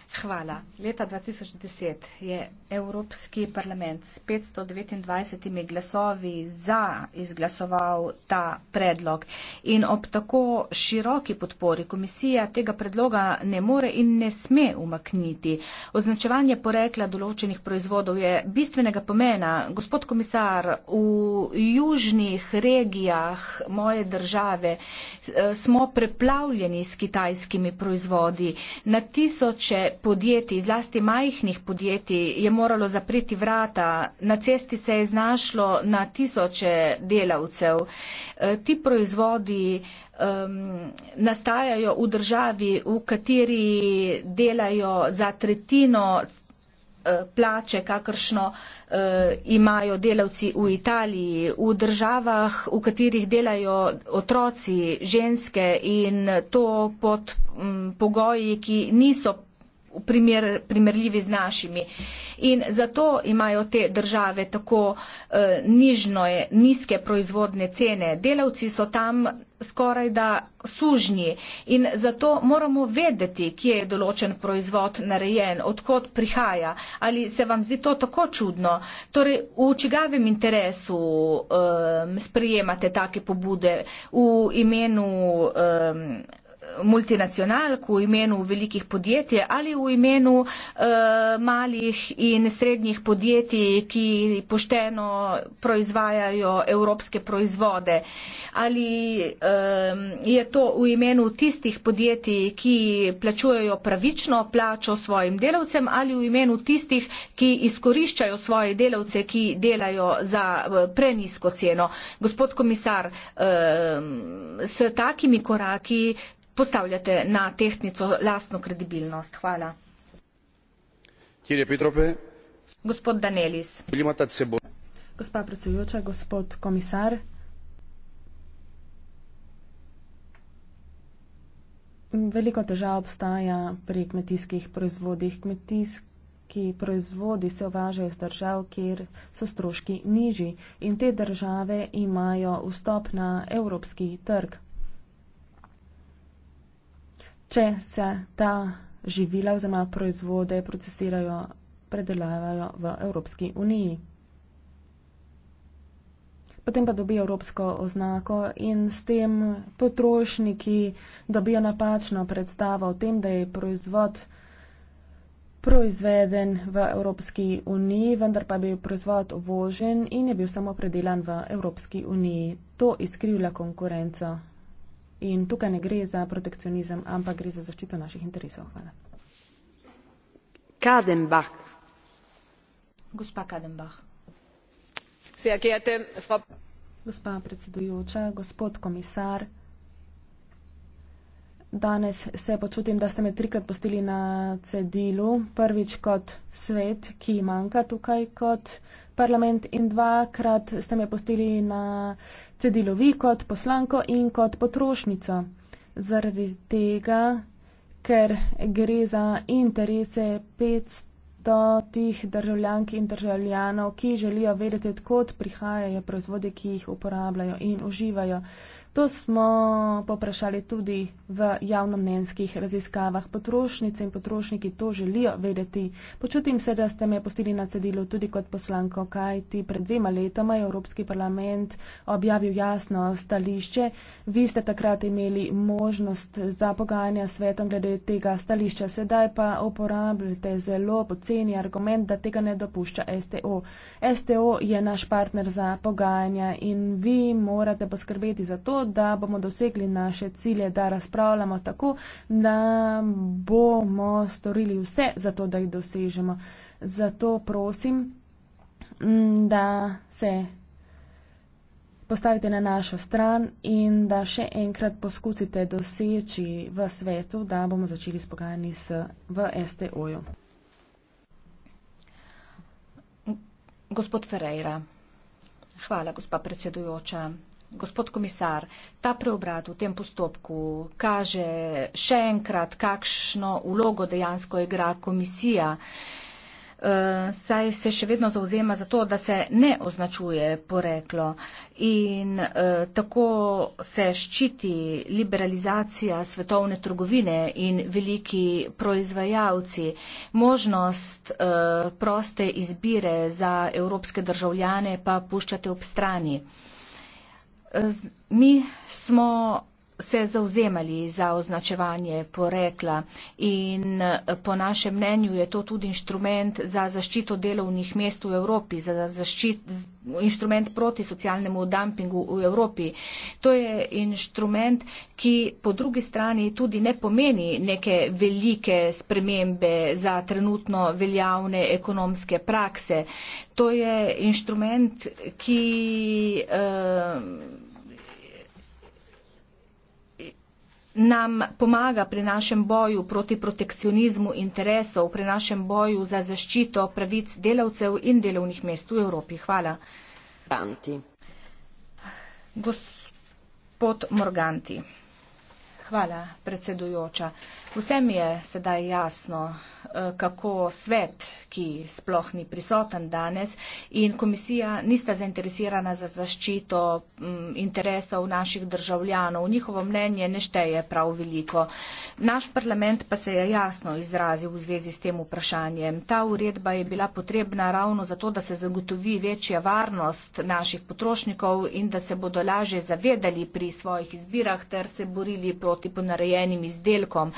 Hvala. Leta 2010 je Evropski parlament s 529 glasovi za izglasoval ta predlog in ob tako široki podpori komisija tega predloga ne more in ne sme umakniti. Označevanje porekla določenih proizvodov je bistvenega pomena. Gospod komisar, v južnih regijah moje države eh, smo preplavljeni s kitajskimi proizvodi. Na tisoče podjetij, zlasti majhnih podjetij, je moralo zapreti vrata, na cesti se je znašlo na tisoče delavcev. E, ti proizvodi um, nastajajo v državi, v kateri delajo za tretjino e, plače, kakršno uh, imajo delavci v Italiji, v državah, v katerih delajo otroci, ženske in to pod um, pogoji, ki niso primer, primerljivi z našimi. In zato imajo te države tako eh, nižno, nizke proizvodne cene. Delavci so tam skoraj da sužnji in zato moramo vedeti, kje je določen proizvod narejen, odkot prihaja. Ali se vam zdi to tako čudno? Torej, v čigavem interesu eh, sprejemate take pobude? V imenu. Eh, multinacionalk v imenu velikih podjetij ali v imenu uh, malih in srednjih podjetij, ki pošteno proizvajajo evropske proizvode, ali um, je to v imenu tistih podjetij, ki plačujejo pravično plačo svojim delavcem, ali v imenu tistih, ki izkoriščajo svoje delavce, ki delajo za uh, eh, prenisko ceno. Gospod komisar, uh, s takimi koraki postavljate na tehtnico lastno kredibilnost. Hvala. Gospod Danelis. Gospa predsedujoča, gospod komisar. Veliko težav obstaja pri kmetijskih proizvodih. Kmetijski proizvodi se uvažajo iz držav, kjer so stroški nižji in te države imajo vstop na evropski trg če se ta živila oziroma proizvode procesirajo, predelavajo v Evropski uniji. Potem pa dobijo evropsko oznako in s tem potrošniki dobijo napačno predstavo o tem, da je proizvod proizveden v Evropski uniji, vendar pa je bil proizvod uvožen in je bil samo predelan v Evropski uniji. To izkrivlja konkurenco In tukaj ne gre za protekcionizem, ampak gre za zaščito naših interesov. Hvala. Kadenbach. Gospa Kadenbach. Sehr geehrte Frau. Gospa predsedujoča, gospod komisar. Danes se počutim, da ste me trikrat postili na cedilu. Prvič kot svet, ki manjka tukaj kot parlament in dvakrat ste me postili na cedilo vi kot poslanko in kot potrošnico. Zaradi tega, ker gre za interese 500 tih državljank in državljanov, ki želijo vedeti, odkot prihajajo proizvode, ki jih uporabljajo in uživajo. To smo poprašali tudi v javnomnenjskih raziskavah. Potrošnice in potrošniki to želijo vedeti. Počutim se, da ste me postili na cedilu tudi kot poslanko, kaj ti pred dvema letoma je Evropski parlament objavil jasno stališče. Vi ste takrat imeli možnost za pogajanja svetom glede tega stališča. Sedaj pa uporabljate zelo poceni argument, da tega ne dopušča STO. STO je naš partner za pogajanja in vi morate poskrbeti za to, da bomo dosegli naše cilje, da razpravljamo tako, da bomo storili vse za to, da jih dosežemo. Zato prosim, mm, da se postavite na našo stran in da še enkrat poskusite doseči v svetu, da bomo začeli s pogajanji v STO-ju. Gospod Ferreira. Hvala, gospa predsedujoča. Gospod komisar, ta preobrat v tem postopku kaže še enkrat, kakšno vlogo dejansko igra komisija. Uh, saj se še vedno zauzema za to, da se ne označuje poreklo in uh, tako se ščiti liberalizacija svetovne trgovine in veliki proizvajalci, možnost uh, proste izbire za evropske državljane pa puščate ob strani. Uh, Mi smo se zauzemali za označevanje porekla in eh, po našem mnenju je to tudi inštrument za zaščito delovnih mest v Evropi, za zaščit, inštrument proti socialnemu dumpingu v Evropi. To je inštrument, ki po drugi strani tudi ne pomeni neke velike spremembe za trenutno veljavne ekonomske prakse. To je inštrument, ki. Uh, nam pomaga pri našem boju proti protekcionizmu interesov, pri našem boju za zaščito pravic delavcev in delovnih mest v Evropi. Hvala. Morganti. Gospod Morganti. Hvala, predsedujoča. Vsem je sedaj jasno, Eh, kako svet, ki sploh ni prisoten danes, in komisija nista zainteresirana za zaščito mm, interesov naših državljanov. Njihovo mnenje ne šteje prav veliko. Naš parlament pa se je jasno izrazil v zvezi s tem vprašanjem. Ta uredba je bila potrebna ravno zato, da se zagotovi večja varnost naših potrošnikov in da se bodo lažje zavedali pri svojih izbirah ter se borili proti ponarejenim izdelkom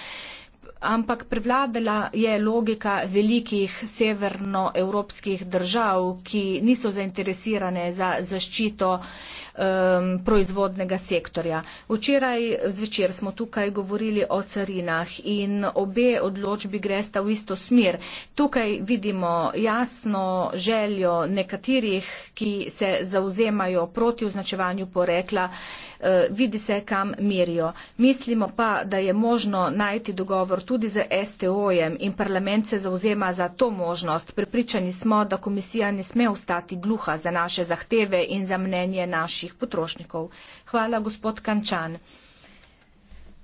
ampak prevladala je logika velikih severnoevropskih držav, ki niso zainteresirane za zaščito um, proizvodnega sektorja. Včeraj zvečer smo tukaj govorili o carinah in obe odločbi gresta v isto smer. Tukaj vidimo jasno željo nekaterih, ki se zauzemajo proti označevanju porekla, uh, vidi se, kam merijo. Mislimo pa, da je možno najti dogovor tudi tudi z STO-jem in parlament se zauzema za to možnost. Pripričani smo, da komisija ne sme ostati gluha za naše zahteve in za mnenje naših potrošnikov. Hvala, gospod Kančan.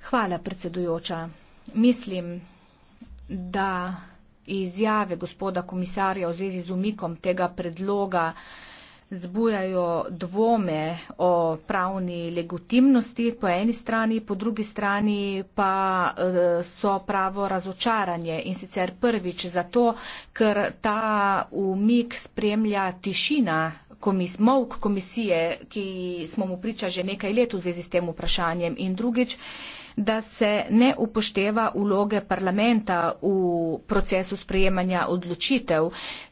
Hvala, predsedujoča. Mislim, da izjave gospoda komisarja v zvezi z umikom tega predloga zbujajo dvome o pravni legitimnosti po eni strani, po drugi strani pa eh, so pravo razočaranje in sicer prvič zato, ker ta umik spremlja tišina. Komis, mok komisije, ki smo mu priča že nekaj let v zvezi s tem vprašanjem in drugič. Eh, da se ne upošteva vloge parlamenta v procesu sprejemanja odločitev.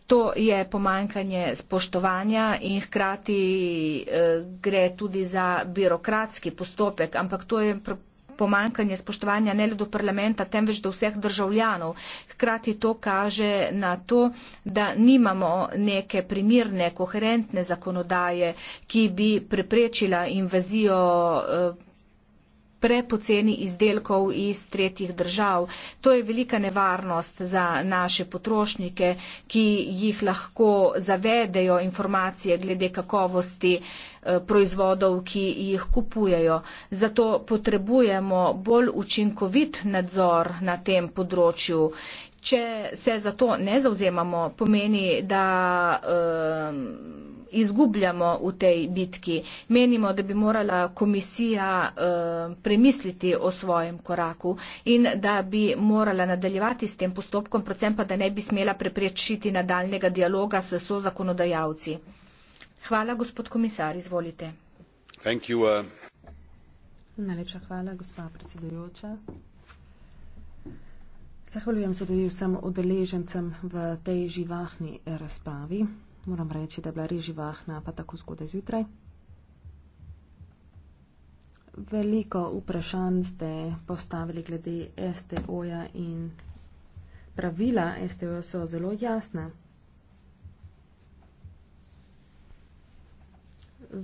To je pomankanje spoštovanja in hkrati eh, gre tudi za birokratski postopek, ampak to je pomankanje spoštovanja ne le do parlamenta, temveč do vseh državljanov. Hkrati to kaže na to, da nimamo neke primirne, koherentne zakonodaje, ki bi preprečila invazijo eh, prepoceni izdelkov iz tretjih držav. To je velika nevarnost za naše potrošnike, ki jih lahko zavedejo informacije glede kakovosti eh, proizvodov, ki jih kupujejo. Zato potrebujemo bolj učinkovit nadzor na tem področju. Če se za to ne zauzemamo, pomeni, da um, izgubljamo v tej bitki. Menimo, da bi morala komisija eh, premisliti o svojem koraku in da bi morala nadaljevati s tem postopkom, predvsem pa, da ne bi smela preprečiti nadaljnega dialoga s sozakonodajalci. Hvala, gospod komisar, izvolite. Uh, Najlepša hvala, gospa predsedujoča. Zahvaljujem se tudi vsem udeležencem v tej živahni razpravi moram reči, da je bila res živahna, pa tako zgodaj zjutraj. Veliko vprašanj ste postavili glede STO-ja in pravila STO-ja so zelo jasna.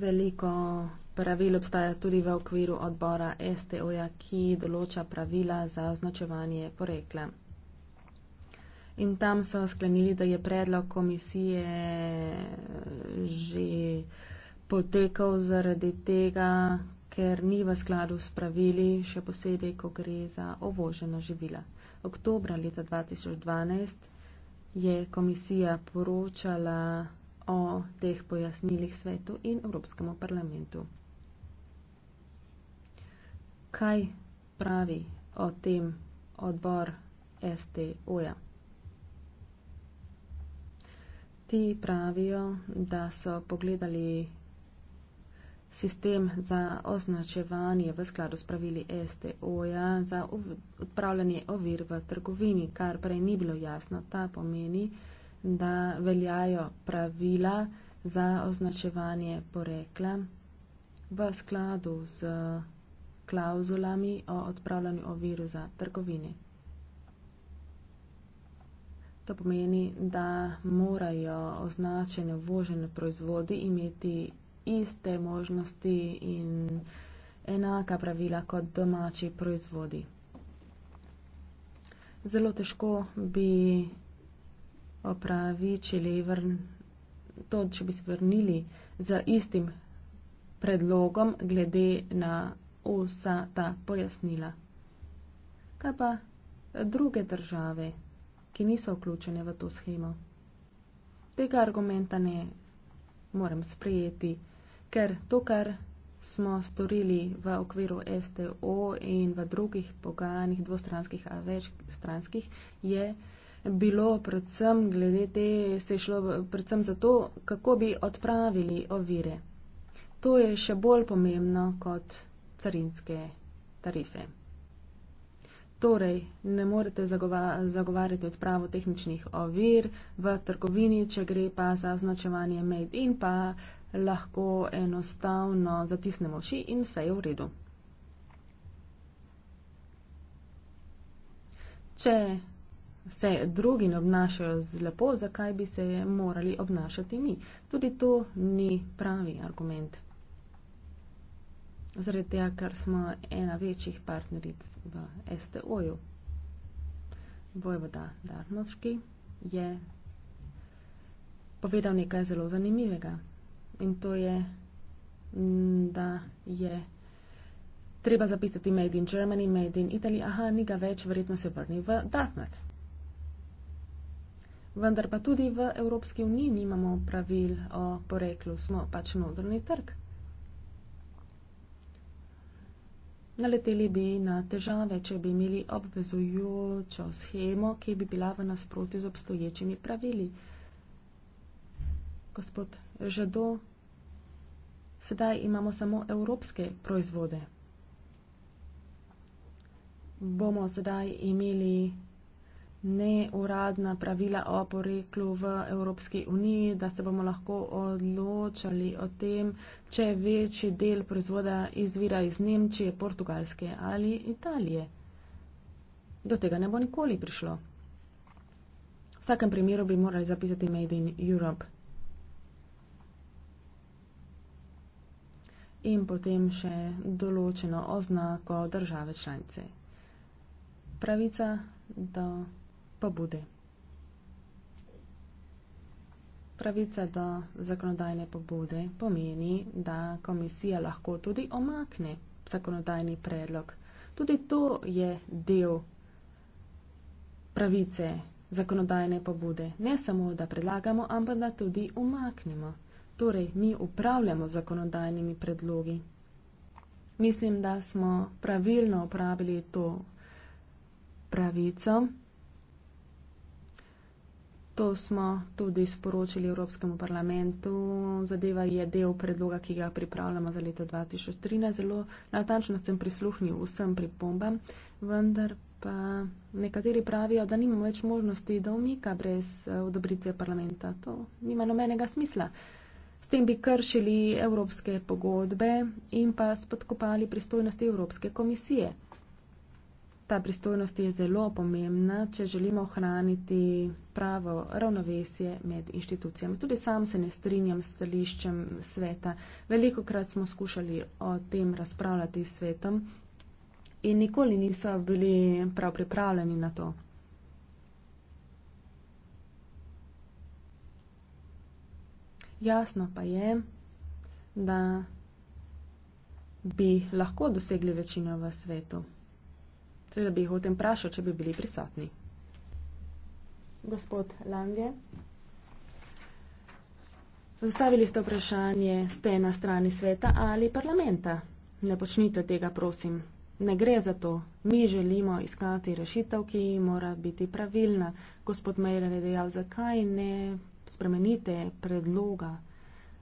Veliko pravil obstaja tudi v okviru odbora STO-ja, ki določa pravila za označevanje porekla in tam so sklenili, da je predlog komisije že potekal zaradi tega, ker ni v skladu s pravili, še posebej, ko gre za ovožena živila. Oktobra leta 2012 je komisija poročala o teh pojasnilih svetu in Evropskemu parlamentu. Kaj pravi o tem odbor STO-ja? Ti pravijo, da so pogledali sistem za označevanje v skladu s pravili STO-ja za odpravljanje ovir v trgovini, kar prej ni bilo jasno. Ta pomeni, da veljajo pravila za označevanje porekla v skladu z klauzulami o odpravljanju ovir za trgovine. To pomeni, da morajo označene vožene proizvodi imeti iste možnosti in enaka pravila kot domači proizvodi. Zelo težko bi opravičili, to, če bi se vrnili z istim predlogom glede na vsa ta pojasnila. Kaj pa druge države? ki niso vključene v to schemo. Tega argumenta ne morem sprejeti, ker to, kar smo storili v okviru STO in v drugih pogajanjih dvostranskih, a večstranskih, je bilo predvsem glede te, se je šlo predvsem za to, kako bi odpravili ovire. To je še bolj pomembno kot carinske tarife. Torej, ne morete zagova zagovarjati odpravo tehničnih ovir v trgovini, če gre pa za označevanje made in pa lahko enostavno zatisnemo oči in vse je v redu. Če se drugi ne obnašajo lepo, zakaj bi se morali obnašati mi? Tudi to ni pravi argument zaradi tega, ker smo ena večjih partneric v STO-ju. Vojvoda Darmoški je povedal nekaj zelo zanimivega in to je, mm, da je treba zapisati Made in Germany, Made in Italy, aha, ni ga več, verjetno se vrni v Darknet. Vendar pa tudi v Evropski uniji nimamo pravil o poreklu, smo pač notrni trg. Naleteli bi na težave, če bi imeli obvezujočo schemo, ki bi bila v nasprotju z obstoječimi pravili. Gospod Žado, sedaj imamo samo evropske proizvode. Bomo sedaj imeli neuradna pravila o poreklu v Evropski uniji, da se bomo lahko odločali o tem, če večji del proizvoda izvira iz Nemčije, Portugalske ali Italije. Do tega ne bo nikoli prišlo. V vsakem primeru bi morali zapisati Made in Europe. In potem še določeno oznako države članice. Pravica do pobude. Pravica do zakonodajne pobude pomeni, da komisija lahko tudi omakne zakonodajni predlog. Tudi to je del pravice zakonodajne pobude. Ne samo, da predlagamo, ampak da tudi omaknemo. Torej, mi upravljamo zakonodajnimi predlogi. Mislim, da smo pravilno upravili to pravico. To smo tudi sporočili Evropskemu parlamentu. Zadeva je del predloga, ki ga pripravljamo za leto 2013. Zelo natančno sem prisluhnil vsem pripombam, vendar pa nekateri pravijo, da nimamo več možnosti, da umika brez eh, odobritve parlamenta. To nima nobenega smisla. S tem bi kršili evropske pogodbe in pa spodkopali pristojnosti Evropske komisije. Ta pristojnost je zelo pomembna, če želimo ohraniti pravo ravnovesje med inštitucijami. Tudi sam se ne strinjam s stališčem sveta. Veliko krat smo skušali o tem razpravljati s svetom in nikoli niso bili prav pripravljeni na to. Jasno pa je, da bi lahko dosegli večino v svetu. Seveda bi jih o tem prašal, če bi bili prisotni. Gospod Lange, zastavili ste vprašanje, ste na strani sveta ali parlamenta. Ne počnite tega, prosim. Ne gre za to. Mi želimo iskati rešitev, ki mora biti pravilna. Gospod Mejler je dejal, zakaj ne spremenite predloga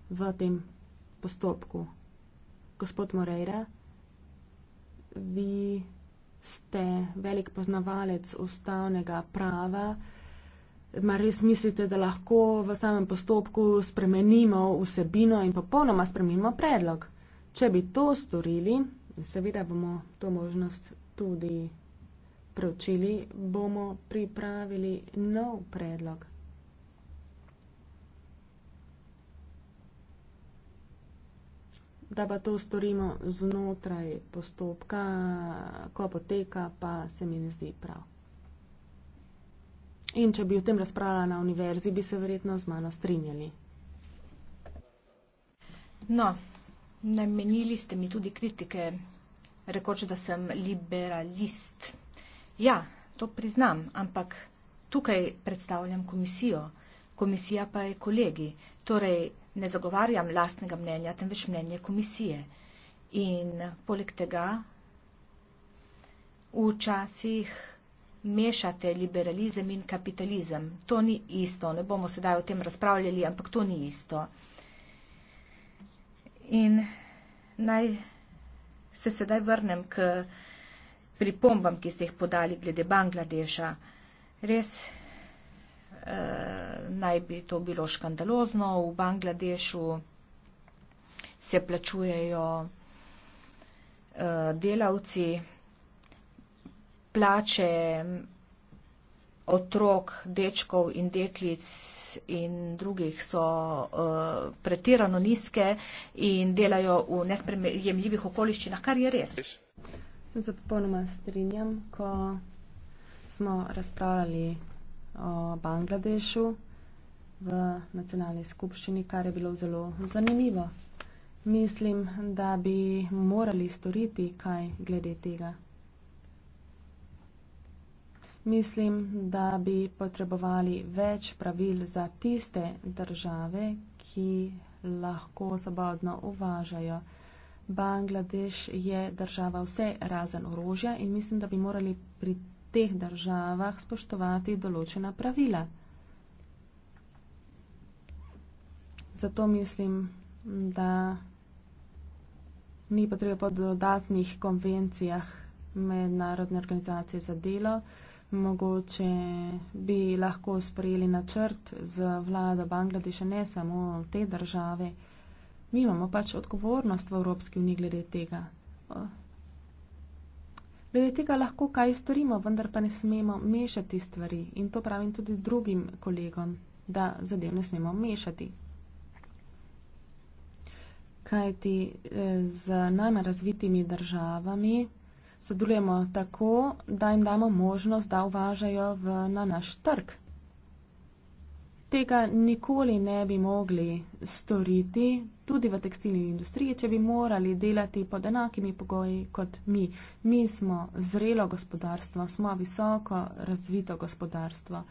v tem postopku. Gospod Moreira, vi ste velik poznavalec ustavnega prava. Mar res mislite, da lahko v samem postopku spremenimo vsebino in popolnoma spremenimo predlog? Če bi to storili, seveda bomo to možnost tudi preučili, bomo pripravili nov predlog. da pa to storimo znotraj postopka, ko poteka, pa se mi ne zdi prav. In če bi o tem razpravljala na univerzi, bi se verjetno z mano strinjali. No, namenili ste mi tudi kritike, rekoče, da sem liberalist. Ja, to priznam, ampak tukaj predstavljam komisijo, komisija pa je kolegi. Torej, ne zagovarjam lastnega mnenja, temveč mnenje komisije. In poleg tega včasih mešate liberalizem in kapitalizem. To ni isto, ne bomo sedaj o tem razpravljali, ampak to ni isto. In naj se sedaj vrnem k pripombam, ki ste jih podali glede Bangladeša. Res naj bi to bilo škandalozno. V Bangladešu se plačujejo eh, delavci plače otrok, dečkov in deklic in drugih so uh, pretirano nizke in delajo v nespremljivih okoliščinah, kar je res. Zapopolnoma strinjam, ko smo razpravljali o Bangladešu v nacionalni skupščini, kar je bilo zelo zanimivo. Mislim, da bi morali storiti kaj glede tega. Mislim, da bi potrebovali več pravil za tiste države, ki lahko svobodno uvažajo. Bangladeš je država vse razen orožja in mislim, da bi morali pri teh državah spoštovati določena pravila. Zato mislim, da ni potrebno po dodatnih konvencijah mednarodne organizacije za delo. Mogoče bi lahko sprejeli načrt z vlado Bangladeša, ne samo te države. Mi imamo pač odgovornost v Evropski uniji glede tega. Glede tega lahko kaj storimo, vendar pa ne smemo mešati stvari in to pravim tudi drugim kolegom, da zadev ne smemo mešati. Kaj ti eh, z najmanj razvitimi državami sodelujemo tako, da jim damo možnost, da uvažajo v, na naš trg tega nikoli ne bi mogli storiti, tudi v tekstilni industriji, če bi morali delati pod enakimi pogoji kot mi. Mi smo zrelo gospodarstvo, smo visoko razvito gospodarstvo.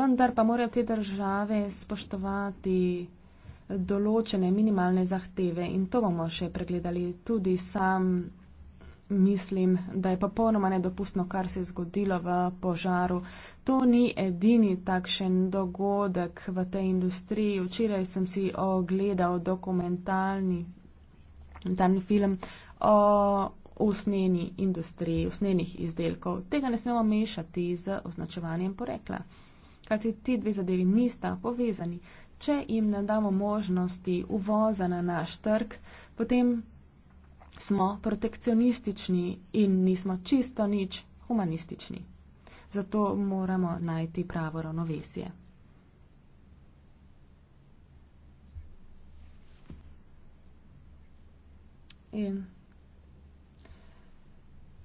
Vendar pa morajo te države spoštovati določene minimalne zahteve in to bomo še pregledali tudi sam mislim, da je popolnoma nedopustno, kar se je zgodilo v požaru. To ni edini takšen dogodek v tej industriji. Včeraj sem si ogledal dokumentalni film o usneni industriji, usnenih izdelkov. Tega ne smemo mešati z označevanjem porekla. Kajti ti dve zadevi nista povezani. Če jim ne damo možnosti uvoza na naš trg, potem smo protekcionistični in nismo čisto nič humanistični. Zato moramo najti pravo ravnovesje. In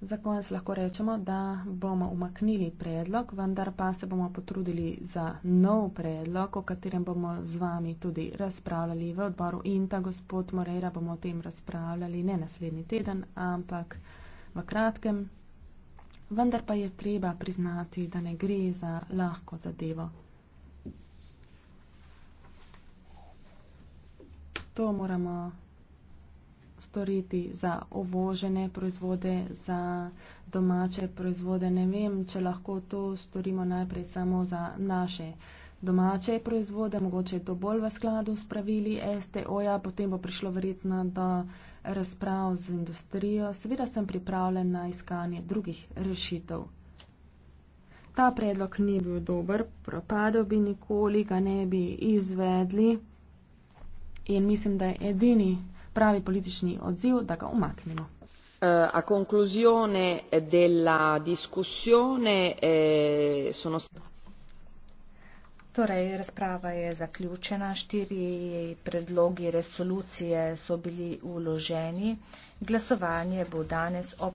Za konec lahko rečemo, da bomo umaknili predlog, vendar pa se bomo potrudili za nov predlog, o katerem bomo z vami tudi razpravljali v odboru INTA. Gospod Moreira bomo o tem razpravljali ne naslednji teden, ampak v kratkem. Vendar pa je treba priznati, da ne gre za lahko zadevo. To moramo storiti za ovožene proizvode, za domače proizvode. Ne vem, če lahko to storimo najprej samo za naše domače proizvode, mogoče je to bolj v skladu s pravili STO-ja, potem bo prišlo verjetno do razprav z industrijo. Seveda sem pripravljen na iskanje drugih rešitev. Ta predlog ni bil dober, propadel bi nikoli, ga ne bi izvedli. In mislim, da je edini pravi politični odziv, da ga umaknemo. Eh, a conclusione della discussione eh, sono Torej, razprava je zaključena, štiri predlogi resolucije so bili uloženi. Glasovanje bo danes ob.